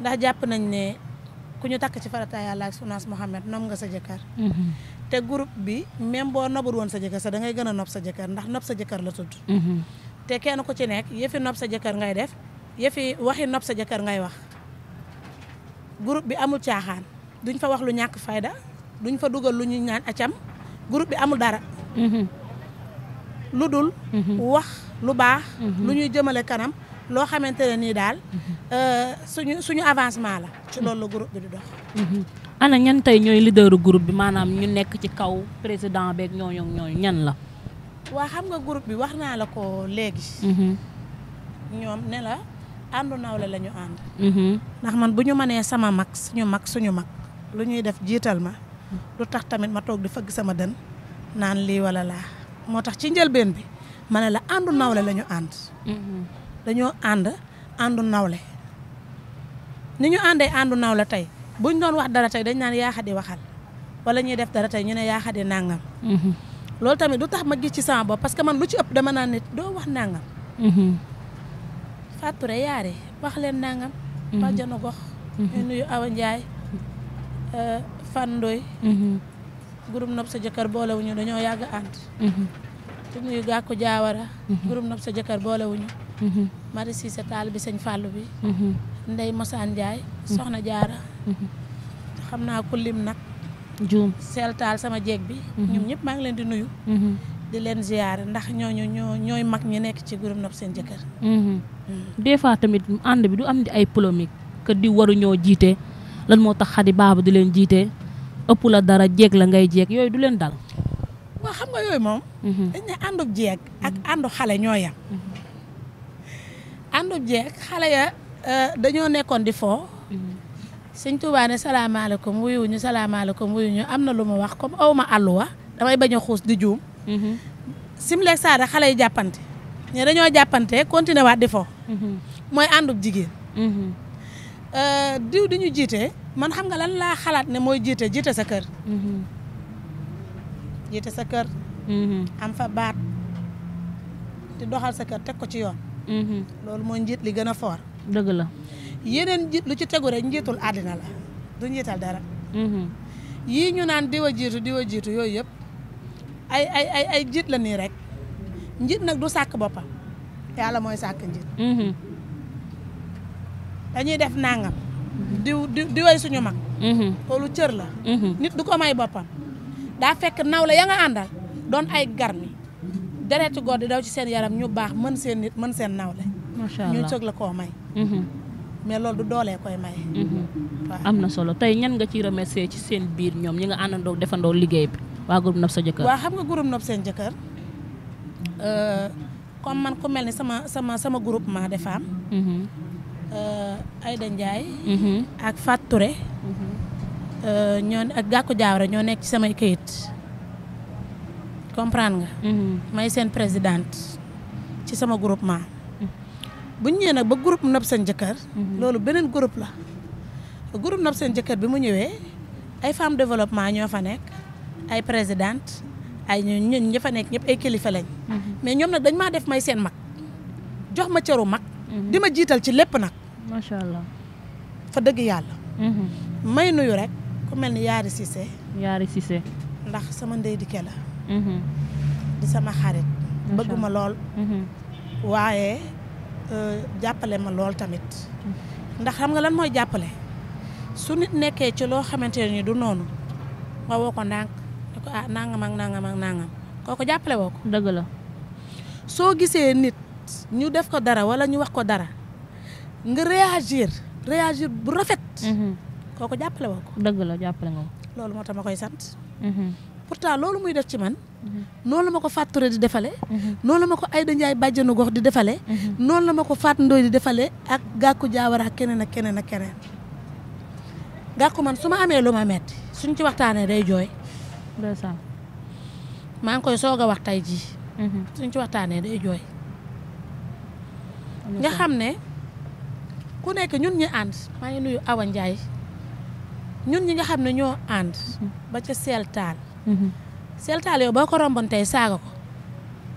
ndax jàpp nañ ne ku ñu takk ci farata yàlla ak sunaas Muhammad nopp nga sa jëkkër mhm. te group bi même boo nobul woon sa jëkkër sa da ngay gën a nopp sa jëkkër ndax nopp sa jëkkër la tudd mhm. te kenn ku ci nekk yëfi nopp sa jëkkër ngay def yëfi waxi nopp sa jëkkër ngay wax groupe bi amul caaxaan duñ fa wax lu ñàkk fayda duñ fa dugal lu ñuy ñaan acam groupe bi amul dara lu dul wax lu baax mhm. lu ñuy jëmale kanam loo xamante ne nii daal mhm. euh, suñu suñu avancement la ci mhm. loolu la groupe bi di dox ana ñan tey ñooy leaderu groupe bi maanaam ñu nekk ci kaw président beeg ñooñu ñooñu ñan la waa xam nga groupe bi wax naa la ko léegi ñoom ne la àndu nawle la ñu ànd ndax man bu ñu mënee sama mag suñu mag suñu mag lu ñuy def jiital ma lu tax tamit ma toog di fëgg sama dën naan lii wala laa moo tax ci njëlbeen bi ma ne la àndu nawle la ñu ànd. Mm-hmm. dañoo ànd àndu nawle ni ñu àndee àndu nawle tey buñ doon wax dara tey dañ naan yaaxa di waxal wala ñuy def dara tey ñu ne yaaxa di nangam. Mm-hmm. loolu tamit du tax ma gis ci sama bopp parce que man lu ci ëpp dama naan nit doo wax nangam. Mm-hmm. Fature yaare wax leen nangam. bàjjenu gox. ñu nuyu Awa Ndiaye euh, Fan Ndoy. nopp sa jëkkër boolewuñu dañoo yàgg ànd. di nuyu Gàkku Jaawara groupe mhm. nag sa jëkkër boolewuñu mhm. Mari Cissé taal bi sëñ Fàllu bi mhm. Ndey Mosaan Njaay Soxna Jaara xam naa ku lim nag juum seel taal sama jeeg bi ñoom ñëpp maa ngi leen di nuyu di leen ziyaare ndax ñooñu ñooy mag ñi nekk ci groupe nopp seen jëkkër des fois tamit ànd bi du am di ay polémique que di waruñoo jiite lan moo tax xadi baaba di leen jiite ëpp la dara jeeg la ngay jeeg yooyu du leen dal waaw xam nga yooyu moom. Mhm. dañ ne àndub jeeg ak mhm. àndu xale ñoo yam mhm. àndub jeeg xale ya euh, dañoo nekkoon di foo. sëñ Tuubaa ne salaamaaleykum wuyuñu salaamaaleykum wuyuñu am na lu ma wax comme aw ma àlluwa damay bañ a xuus di juum. simleeg saada xale yi jàppante ñe dañoo jàppante continué waat di foo. mooy àndub jigéen. Euh, diw di ñu jiite man xam nga lan laa xalaat ne mooy jiite jiite sa kër. jiite sa kër. Mm-hmm. am fa baat di doxal sa kër teg ko ci yoon. Mm-hmm. loolu mooy njiit li gën a foor. dëgg la yeneen njiit lu ci tegu rek njiitul àddina la du njiital dara. Mm-hmm. yii ñu naan diwa jiitu diwa jiitu yooyu yëpp ay ay ay ay la nii rek njiit nag du sàkk boppam yàlla mooy sàkk njiit. dañuy def nangam. diw diw diway suñu mag. loolu cër la. nit du ko may boppam. daa fekk nawle ya nga àndal doon ay garmi deretu góor di daw ci seen yaram ñu baax mën seen nit mën seen nawle macha allah sëg la koo may. Mhm. mais loolu du doolee koy may. Mhm. waaw am na solo tey ñan nga ciy remercier ci seen biir ñoom ñi nga àndandoo defandoo liggéey bi waa groupe Nopp sa jëkkër. waa xam nga groupe Nopp seen jëkkër euh, comme man ku mel ni sama sama sama groupement de femmes. Mhm. Euh, Aïda Ndiaye. ak Fatou Euh, ñoo ak gàkku Diawara ñoo nekk ci samay kayit comprendre nga. Mhm. may seen présidente ci sama groupement. Mhm. bu ñu nag ba groupe nopp seen jëkkër. Mhm. loolu beneen groupe la. groupe nopp seen jëkkër bi mu ñëwee ay femmes développement ñoo fa nekk ay présidente ay ñun ñun ña fa nekk ñëpp ay kilifa lañ. mais ñoom nag dañ maa def may seen mag jox ma cëru mag. di ma jiital ci lépp nag. macha allah fa dëgg yàlla. may nuyu rek. ku mel ni Yaari Cissé. Yaari ndax sama ndey dikke la. Mm-hmm. di sama xarit. bëgg ma lool. Mm-hmm. waaye euh, jàppale ma lool tamit. ndax xam nga lan mooy jàppale su nit nekkee ci loo xamante ne ni du noonu nga woo ko ndànk ne mag ah nangam ak nangam ak nangam kooku jàppale woo ko. dëgg la soo gisee nit ñu def ko dara wala ñu wax ko dara nga réagir réagir bu rafet. Mm-hmm. kooku jàppale woo ko. dëgg la jàppale nga ko. loolu moo tama koy sant. Mm-hmm. pourtant loolu muy def ci man. Mm-hmm. noonu la ma ko fàtture di defale mm-hmm. noonu la ma ko Ayda Ndiaye bàjjenu gox di defale noonu la ma ko Faat Ndoy di defale ak gàkku jaawara ak keneen ak keneen ak keneen. gàkku man su ma amee lu ma metti suñ ci waxtaanee day jooy. maa ngi koy soog a wax tey jii. suñ ci waxtaanee day jooy. nga xam ne ku nekk ñun ñu ànd maa ngi nuyu Awa njaay ñun ñi nga xam ne ñoo ànd. ba ca seeltaal. Mm-hmm. seeltaal yow boo ko romboon saaga ko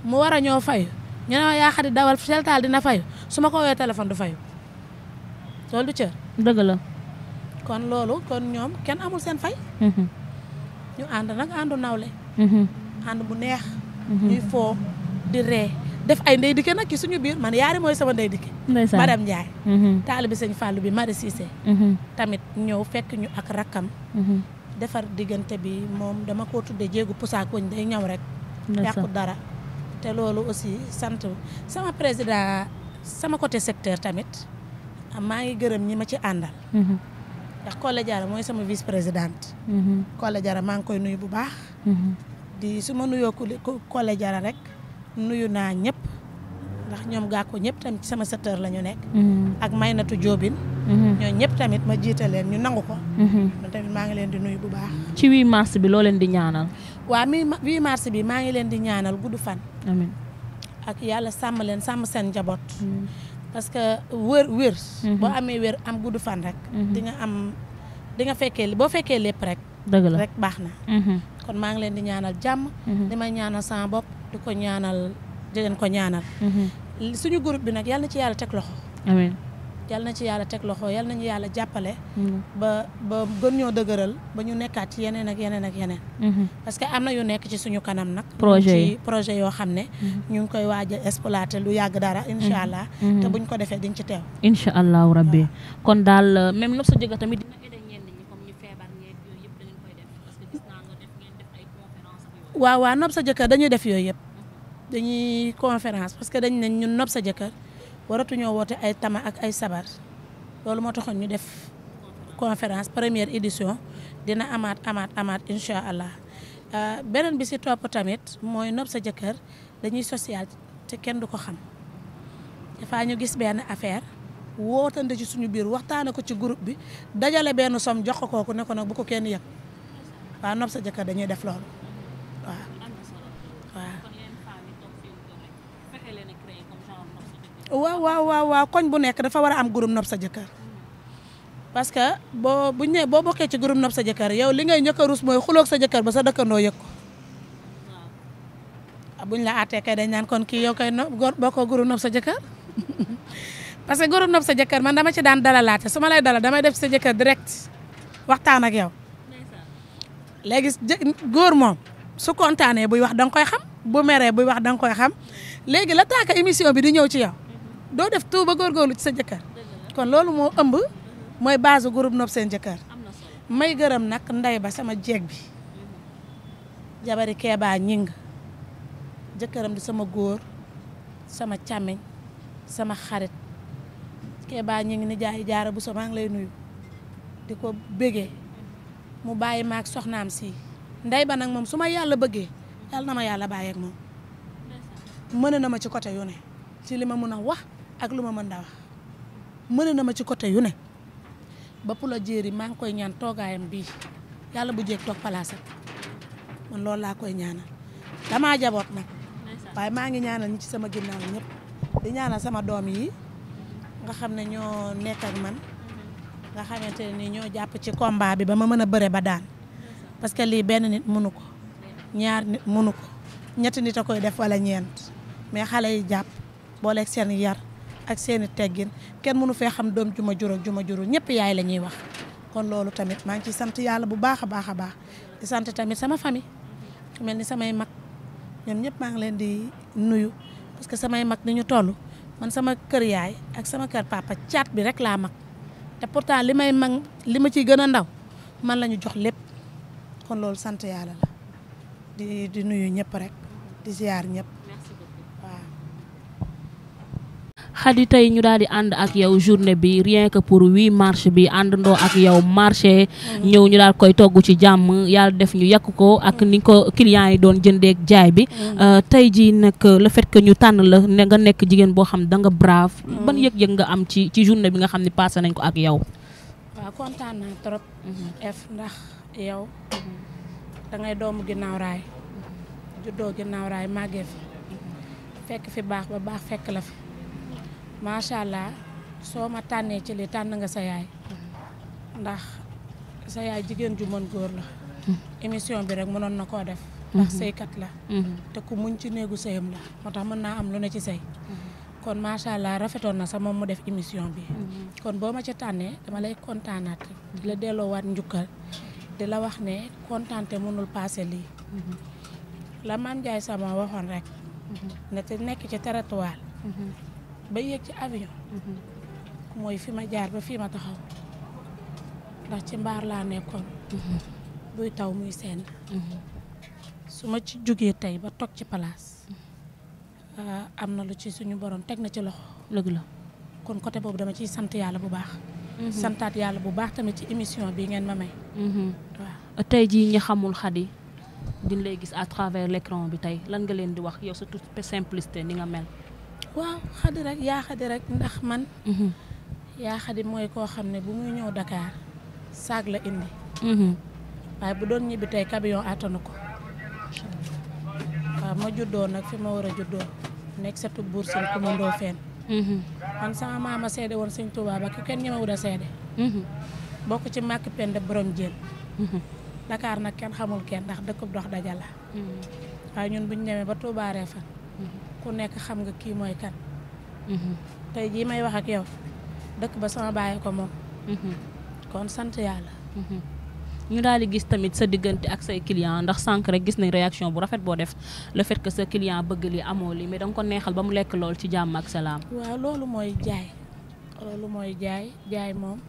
mu war a ñoo fay ñu ne ma yaa xadi dawal seeltaal dina fay su ma ko woowee téléphone du fayu loolu du cër. dëgg kon loolu kon ñoom kenn amul seen fay. Mm-hmm. ñu ànd nag àndu nawle. Mm-hmm. ànd bu neex. ñuy foo di ree def ay ndey dikke nag ki suñu biir man yaari mooy sama ndey dikke madame Ndiaye mm-hmm. taalibe sëñ Fallou bi Mari Cissé mm-hmm. tamit ñëw fekk ñu ak rakkam mm-hmm. defar diggante bi moom dama koo tudde jéegu pousa koñ day ñaw rek yàqu dara te loolu aussi sant sama président sama côté secteur tamit maa ngi gërëm ñi ma ci àndal ndax a Diarra mooy sama vice présidente Kolle Diarra maa ngi koy nuyu bu baax di su ma nuyoo Kolle Diarra rek nuyu naa ñëpp ndax ñoom gàkku ñëpp tamit ci sama secteur la ñu nekk. Mm-hmm. ak may Maynatu Joobin. Mm-hmm. ñoo ñëpp tamit ma jiite leen ñu nangu ko. Mm-hmm. man tamit maa ngi leen di nuyu bu baax. ci 8 mars bi loo leen di ñaanal. waa mi 8 mars bi maa ngi leen di ñaanal gudd fan. amiin ak yàlla sàmm leen sàmm seen njaboot. parce que wër wër. boo amee wér am gudd fan rek. di nga am di nga fekkee boo fekkee lépp rek. dëgg la rek baax na. kon maa ngi leen di ñaanal jàmm. di may ñaanal sama bopp. di ko ñaanal di leen ko ñaanal. Mhm. suñu groupe bi nag yal na ci yàlla teg loxo. amiin yal na ci yàlla teg loxo yal nañu yàlla jàppale. Mhm. ba ba gën ñoo dëgëral ba ñu nekkaat ci yeneen ak yeneen ak yeneen. Mhm. parce que am na yu nekk ci suñu kanam nag. projet yi projet yoo xam ne. ñu ngi koy waaj a lu yàgg dara. incha allah te buñ ko defee diñ ci teew. incha allahu rabbi waaw waaw nopp sa jëkkër dañuy def yooyu yëpp dañuy conférence parce que dañ ne ñun nopp sa jëkkër waratuñoo woote ay tama ak ay sabar loolu moo taxoon ñu def conférence première édition dina amaat amaat amaat incha allah euh, beneen bi si topp tamit mooy nopp sa jëkkër dañuy social te kenn du ko xam dafaa ñu gis benn affaire wootande ci suñu biir waxtaane ko ci groupe bi dajale benn som jox ko kooku ne ko nag bu ko kenn yëg waa nopp sa jëkkër dañuy def loolu waaw waaw waaw koñ bu nekk dafa war a am groupe nopp sa jëkkër parce que boo bu ñu boo bokkee ci groupe nopp sa jëkkër yow li ngay njëkk a mooy xuloog sa jëkkër ba sa dëkkandoo yëg ko ah, buñ la àttee kay dañ naan kon kii yow kay no bokkoo groupe nopp sa jëkkër parce que groupe nopp sa jëkkër man dama ci daan dalalaate su ma lay dalal damay def sa jëkkër direct waxtaan ak yow léegi góor moom su kontaanee buy wax danga koy xam bu meree buy wax danga koy xam léegi la taaka émission bi di ñëw ci yow doo def tout ba góorgóorlu ci sa jëkkër kon loolu moo ëmb mooy base groupe nop seen jëkkër may gërëm nag nday ba sama jeeg bi jabari keebaa ñing jëkkëram di sama góor sama càmmiñ sama xarit keebaa ñing ni jaay jaara bu so maa ngi lay nuyu di ko bégee mu bàyyi maag soxnaam si nday ba nag moom su ma yàlla bëggee yàlla na ma yàlla bàyyeeg moom mën na ma ci côté yu ne li ma mun a wax ak lu ma mën da wax na ma ci côté yu ne ba Poula Diéry maa ngi koy ñaan toogaayam bii yàlla bu jéeg toog palaasam man loolu laa koy ñaanal damaa jaboot nag waaye maa ngi ñaanal ñi ci sama ginnaaw ñëpp di ñaanal sama doom yi nga xam ne ñoo nekkal man mm-hmm. nga xamante ne ni ñoo jàpp ci combat bi ba ma mën a bëre ba daan parce que lii benn nit mënu ko ñaar nit mënu ñetti nit a koy def walla ñeent mais xale yi jàpp booleeg seen yar ak seeni teggin kenn mënu fee xam doom juma ma juróom ju ñëpp yaay la ñuy wax kon loolu tamit maa ngi ci sant yàlla bu baax a baax a baax di sant tamit sama famille mel ni samay mag ñoom ñëpp maa ngi leen di nuyu parce que samay mag ni ñu toll man sama kër yaay ak sama kër papa caat bi rek laa mag te pourtant li may mag li ma ciy gën a ndaw man lañu jox lépp kon loolu sant yàlla la di di nuyu ñëpp rek di ziar ñëpp xadi tey ñu daal di ànd ak yow journée bi rien que pour 8 mars bi àndandoo ak yow marché ñëw ñu daal koy togg ci jàmm yàlla def ñu yàq ko ak ni ko clients yi doon jëndeek jaay bi euh, tey ji nag la fait ñu tànn la nga nekk jigéen boo xam ne danga brave ban yëg-yëg nga am ci ci journée bi nga xam ne passé nañ ko ak yow waaw kontaan trop ef mhm. ndax yow dangay doomu ginnaaw raay juddoo ginnaaw raay màggee fi mhm. fekk fi baax ba baax fekk la fi macha allah soo ma tànnee ci li tànn nga sa yaay ndax sa yaay jigéen ju mën góor la émission bi rek mënoon na koo def ndax mhm. sëykat la mhm. te ku muñ ci néegu sëyam la moo tax mën naa am lu ne ci sëy mhm. kon macha allah rafetoon na sa moom mu def émission bi kon boo ma ci tànnee dama lay kontaanaat di la delloowaat njukkal di la wax ne kontaante mënul paase lii la maam Njaay sama waxoon rek ne te nekk ci territoire ba yéeg ci avion mm-hmm. mooy fi ma jaar ba fii ma taxaw ndax ci mbaar laa nekkoon mm-hmm. buy taw muy seen mm-hmm. su ma ci jógee tey ba toog ci palaas ah, am na lu ci suñu borom teg na ci loxo lëg la kon côté boobu dama ciy sant yàlla bu baax santaat yàlla bu baax tamit ci émission bi ngeen ma may tey jii ñi xamul Khady di lay gis à travers l'écran bi tey lan nga leen di wax yow surtout simplicité ni nga mel waaw xadi rek yaa xadi rek ndax man mhm. yaa xadi mooy koo xam ne bu muy ñëw Dakar saag la indi mhm. waaye bu doon ñibbi tey camion attanu ko waa ma juddoo nag fi ma war a juddoo nekk sa tub buur seen ku ma Ndofeen mhm. man sama maama seede woon sëñ Tuubaa ba ki kenn ñemewul a seede bokk ci màkk pend borom jël Dakar nag kenn xamul kenn ndax dëkkub dox dajala waaye ñun buñ ñemee ba Tuubaa Refane ku nekk xam nga kii mooy kan. Mhm. tey jii may wax ak yow dëkk ba sama bàyyi ko moom. Mhm. kon sant yàlla. Mhm. ñu daal di gis tamit sa diggante ak say client ndax sànq rek gis nañ réaction bu rafet boo def le fait que sa client bëgg li amoo li mais da ko neexal ba mu lekk lool ci jàmm ak salaam. waaw loolu mooy jaay loolu mooy jaay jaay moom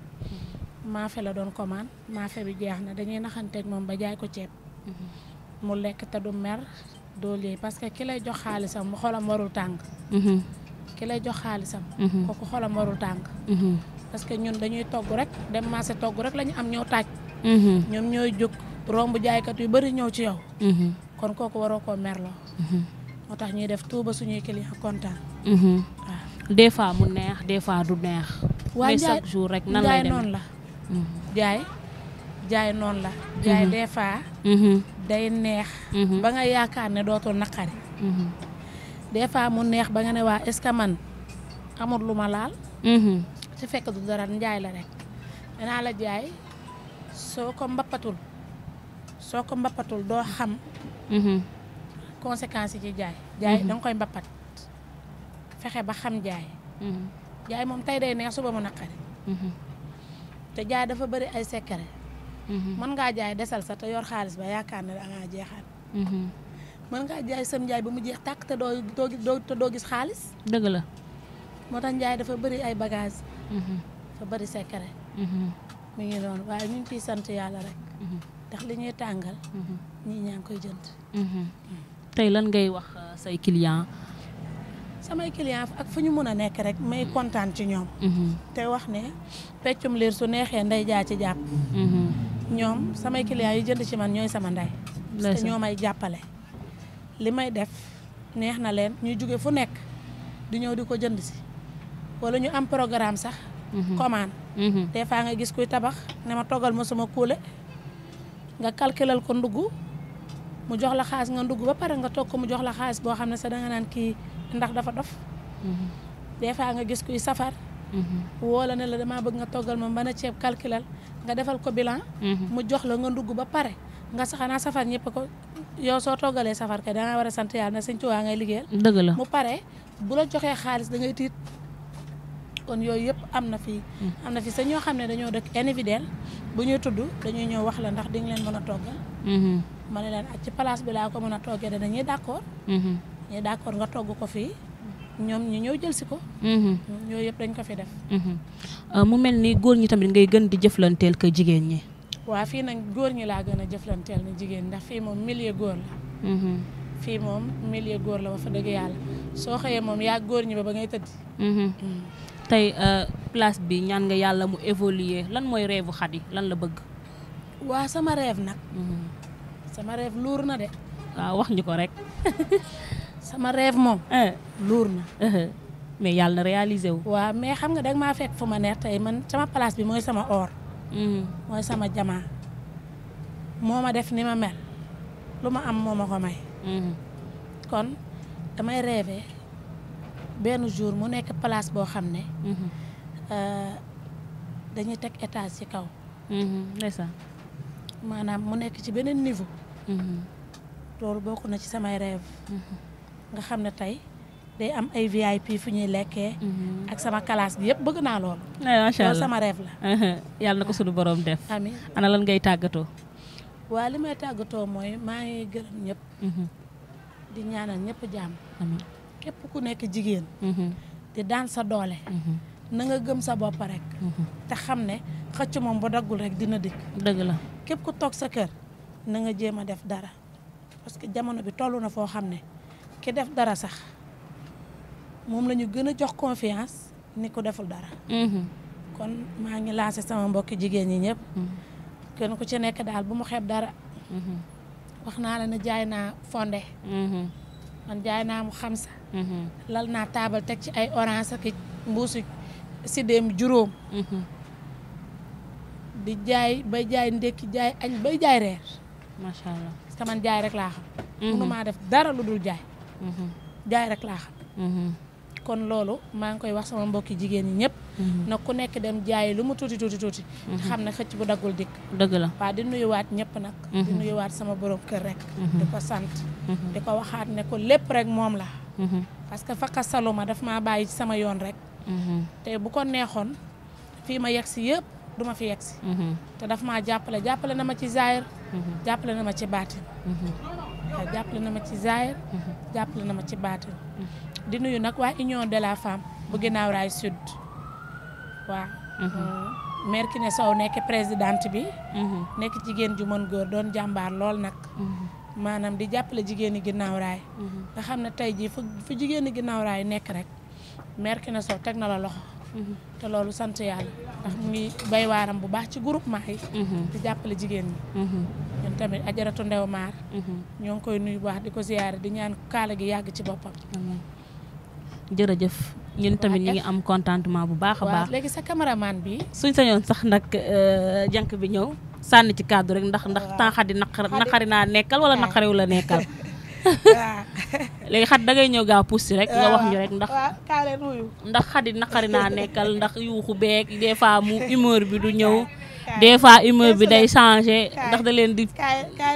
maafe la doon commande maafe bi jeex na dañuy naxanteeg moom ba jaay ko ceeb. mu lekk te du mer doo parce que ki lay jox xaalisam mu xolam warul tàng. Mhm. ki lay jox xaalisam. Mhm. kooku xolam warul tàng. Mhm. parce que ñun dañuy togg rek dem marché togg rek lañu am ñëw taaj. ñoom ñooy jóg romb jaaykat yu bëri ñëw ci yow. kon kooku waroo koo merloo. moo tax ñuy def tuuba suñuy client kontaan. waaw des fois mu neex des fois du neex. waa mais chaque jour rek na lay demee jaay la. jaay jaay la. jaay des day neex. Mhm. ba nga yaakaar ne dootul naqari. Mhm. des fois mu neex ba nga ne waa est-ce que man amul lu ma laal. su mhm. fekk du dara njaay la rek danaa la jaay soo ko mbappatul soo ko mbappatul doo xam. conséquences yi ci jaay. jaay da nga koy mbappat fexe ba xam jaay. jaay moom tey day neex suba mu naqari. te jaay dafa bëri ay secret. Mm-hmm. mën ngaa jaay desal sa te yor xaalis ba yaakaar ne dangaa jeexaat mm-hmm. mën ngaa jaay sam njaay ba mu jeex tàkk te doo doo te doo gis xaalis dëgg la moo tax njaay dafa bëri ay bagage mm-hmm. dafa bëri secret mu ngi noonu waaye ñu ngi ciy sant yàlla rek ndax li ñuy tàngal ñii ñaa ngi koy jënd tey lan ngay wax uh, say client samay client ak fu ñu mën a nekk rek may mm-hmm. kontaan ci ñoom mm-hmm. te wax ne peccum liir su neexee ndey jaa ci jàpp mm-hmm. ñoom samay client yi jënd ci man ñooy sama ndey parce que ñoo may jàppale li may def neex na leen ñuy jóge fu nekk di ñëw di ko jënd si walla ñu am programme sax commande des fois nga gis kuy tabax ne ma toggal ma suma kuule nga calculal ko ndugg mu jox la xaalis nga ndugg ba pare nga toog ko mu jox la xaalis boo xam ne sax danga naan kii ndax dafa dof mhm. des fois nga gis kuy safar mhm. woo la ne la damaa bëgg nga toogal ma mën a ceeb calculal nga defal ko bilan mhm. mu jox la nga dugg ba pare nga saxanaa safar ñëpp ko yow soo toogalee safar kay dangaa war a sant na ne sëñ Tuubaa ngay liggéeyal dëgg la mu pare bu la joxee xaalis da ngay tiit kon yooyu yëpp am na fi. am na fi sa ñoo xam ne dañoo dëkk individuel bu ñuy tudd dañuy ñëw wax la ndax di nga leen mën a toggal ma ne leen ak ah, ci place bi laa ko mën a toogee da dañuy d'accord ñu d'accord nga togg ko fi ñoom ñu ñëw jël si ko. ñoo mm-hmm. yëpp dañ ko fi def. Mm-hmm. Euh, mu mel ni góor ñi tamit ngay gën di jëflanteel ko jigéen ñi. waa fii nag góor ñi laa gën a jëflanteel ni jigéen ndax fii moom millier góor la. Mm-hmm. fii moom millier góor la ba fa dëgg yàlla soo xëyee moom yaa góor ñi ba ba ngay tëdd. Mm. tey euh, place bi ñaan nga yàlla mu évoluer lan mooy rêve Khady lan la bëgg. waa sama rêve nag. sama rêve luur na de. waaw wax ñu ko rek. sama rêve moom. Eh. luur na. Eh, eh. mais yàlla na réalisé wu. waaw mais xam nga dag maa fekk fu ma neex tey man sama place bi mooy sama or. Hmm. mooy sama jamaa. moo ma def ni ma mel lu ma am moo ma ko may. Hmm. kon damay rêvé benn jour mu nekk place boo xam ne. Hmm. Euh, dañuy teg étage ci kaw. ndeysaan. maanaam mu nekk ci beneen niveau. loolu bokk na ci samay rêve. nga xam ne tey day am ay VIP fu ñuy lekkee. Mhm. ak sama classe bi yëpp bëgg naa eh, loolu. macha sama reef la. Uh-huh. yàlla na ko sunu borom def. amiin ana lan ngay tàggatoo. waa li may tàggatoo mooy maa ngi gërëm ñëpp. Uh-huh. di ñaanal ñëpp jàmm. amiin képp ku nekk jigéen. Uh-huh. di daan sa doole. na nga gëm sa bopp rek. te xam ne xëcc moom bu daggul rek dina dikk. dëgg la képp ku toog sa kër na nga jéem a def dara parce que jamono bi tollu na foo xam ne. ki def dara sax moom la ñu gën a jox confiance ni ko deful dara. Mhm. kon maa ngi lancé sama mbokki jigéen ñi ñëpp. Mhm. kenn ku ci nekk daal bu mu xeeb dara. Mhm. wax naa la ne jaay naa fonde. man jaay naa mu xam sa. lal naa taabal teg ci ay orange ak mbuusu sidéem juróom. di jaay bay jaay ndékki jaay añ bay jaay reer. macha allah man jaay rek laa xam. mënu maa def dara lu dul jaay. Mm-hmm. jaay rek laa xam. Mm-hmm. kon loolu maa ngi koy wax sama mbokki jigéen ñi ñëpp. Mm-hmm. na ku nekk dem jaay lu mu tuuti tuuti xam ne xëcc bu daggul dikk. dëgg la waaw di nuyuwaat ñëpp nag. di nuyuwaat sama borom kër rek. di ko sant. di ko waxaat ne ko lépp rek moom la. parce que fa xasalu ma daf maa bàyyi sama yoon rek. te bu ko neexoon fii ma yegg si yëpp du ma fi yegg si. te daf maa jàppale jàppale na ma ci zaahir. jàppale na ma ci baatin. jàppale na ma ci Zaire. jàppale na ma ci baatin. di nuyu nag waa union de la femme bu ginnaaw raay sud waaw. Mm-hmm. maire ne Sow nekk présidente bi. Mm-hmm. nekk jigéen ju mën góor doon jàmbaar lool nag. Mm-hmm. maanaam di jàppale jigéen ñi ginnaaw raay. nga xam ne tey jii fu fu jigéen ñi ginnaaw nekk rek merki Kine Sow teg na la loxo. te loolu sant yàlla ndax mu ngi bay waaram bu baax ci groupement yi. di jàppale jigéen ñi. tamit ajaratu ndew maar mhm. ñoo ngi koy nuyu baax di ko ziyaare di ñaan kaala gi yàgg ci boppam jërëjëf ñun tamit ñu ngi am contentement bu baax a baax léegi sa cameraman bi suñ sañoon sax nag euh, jànk bi ñëw sànni ci kàddu rek ndax ndax temps xadi naqari naa nekkal wala naqariwu la nekkal léegi xat dangay ñëw gaaw puus rek nga wax ñu rek ndax ndax xadi naqari naa nekkal ndax yuuxu beeg des fois mu humeur bi du ñëw des fois humeur bi day changé ndax da leen di.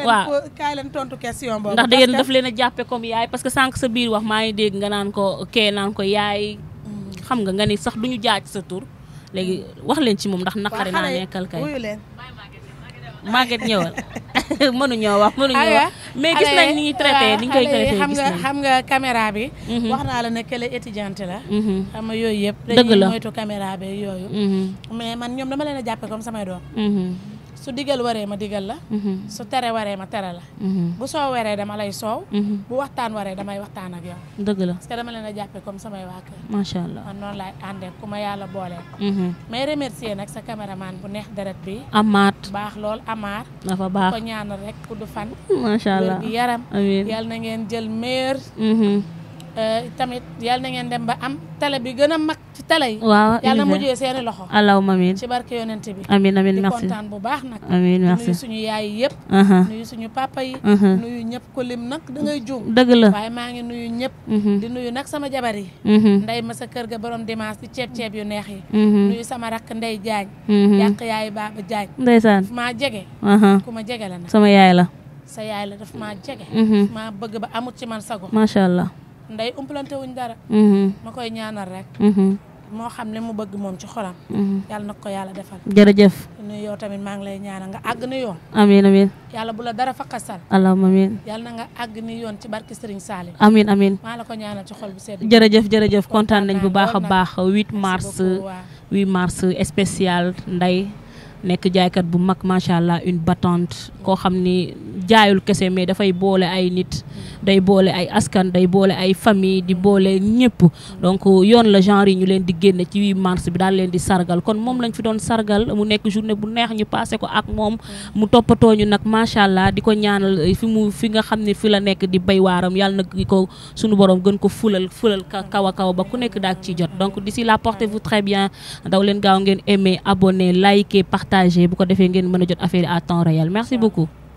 waaw kaay leen tontu question ndax da ngeen daf leen a jàppe comme yaay parce que sànq sa biir wax maa ngi dégg nga naan ko kee naan ko yaay. Mm. xam nga nga ni sax duñu jaaj sa tur léegi wax leen ci moom ndax naqari naa nekkal kay. màgget ñëwal mënuñoo wax mënuñoo wax mais gis nañ ni ñuy traité ni ñu koy traité xam nga xam nga caméra bi mhm. wax naa la ne kële étudiante la mhm. xam nga yooyu yëpp dañuy moytu caméra bi yooyu mhm. mais man ñoom dama leen a jàppe comme samay doom su digal waree ma digal la mm-hmm. su tere waree ma tere la mm-hmm. bu soow waree dama lay soow mm-hmm. bu waxtaan waree damay waxtaan ak yow dëgg la parce que dama leen a jàppee comme samay waa kër macha allah man noonu laay àndee ku ma yàlla boolee may remercier nag sa caméraman bu neex deret bi amaat baax lool amaar dafa baax ko ñaanal rek ku du fan macha allah bi yaram amiin na ngeen jël meer Eh, tamit yal na ngeen dem ba am tele bi gën a mag ci tele yi. waaw yal na mujjee seen loxo. allahumma amiin ci barke yonent bi. amiin amiin merci di kontaan bu baax nag. amiin nuyu suñu yaay yëpp. Uh-huh. suñu papa yi. Uh-huh. nuyu ñëpp ko lim nag da ngay juum. dëgg la waaye maa ngi nuyu ñëpp. Uh-huh. di nuyu nag sama jabar yi. ndey ma sa kër ga borom dimanche di ceeb ceeb yu neex yi. nuyu sama rakk ndey jaañ. yàq yaay baa baaba jaañ. ndeysaan maa jege. ku ma jege la sama yaay la. sa yaay la daf maa jege. maa bëgg ba amut ci man sago. macha allah. ndey umpalante wuñ dara. Mm-hmm. ma koy ñaanal rek. Mm-hmm. moo xam li mu bëgg moom ci xolam. Mm-hmm. yàlla na ko yàlla defal. jërëjëf. nuyu yow tamit maa ngi lay ñaanal nga àgg ni yoon. amiin amiin. yàlla bu la dara fakkasal. allahumma amiin. yàlla na nga àgg ni yoon ci barke Serigne Salim. amiin amiin. maa la ko ñaanal ci xol bu sedd. jërëjëf jërëjëf kontaan nañ bu baax a baax 8 mars 8 mars spécial nday nekk jaaykat bu mag macha allah une battante koo xam ni jaayul kese mais dafay boole ay nit day boole ay askan day boole ay famille di boole ñëpp donc yoon la genre yi ñu leen di génne ci 8 mars bi daal leen di sargal kon moom lañ fi doon sargal mu nekk journée bu neex ñu passé ko ak moom mu toppatoo ñu nag macha allah di ko ñaanal fi mu fi nga xam ne fi la nekk di bay waaram yàlla na ko suñu boroom gën ko fulal fulal kaw kaw ba ku nekk daak ci jot donc d'ici là partagé bu ko defee ngeen mën a jot affaire yi à temps réel merci beaucoup.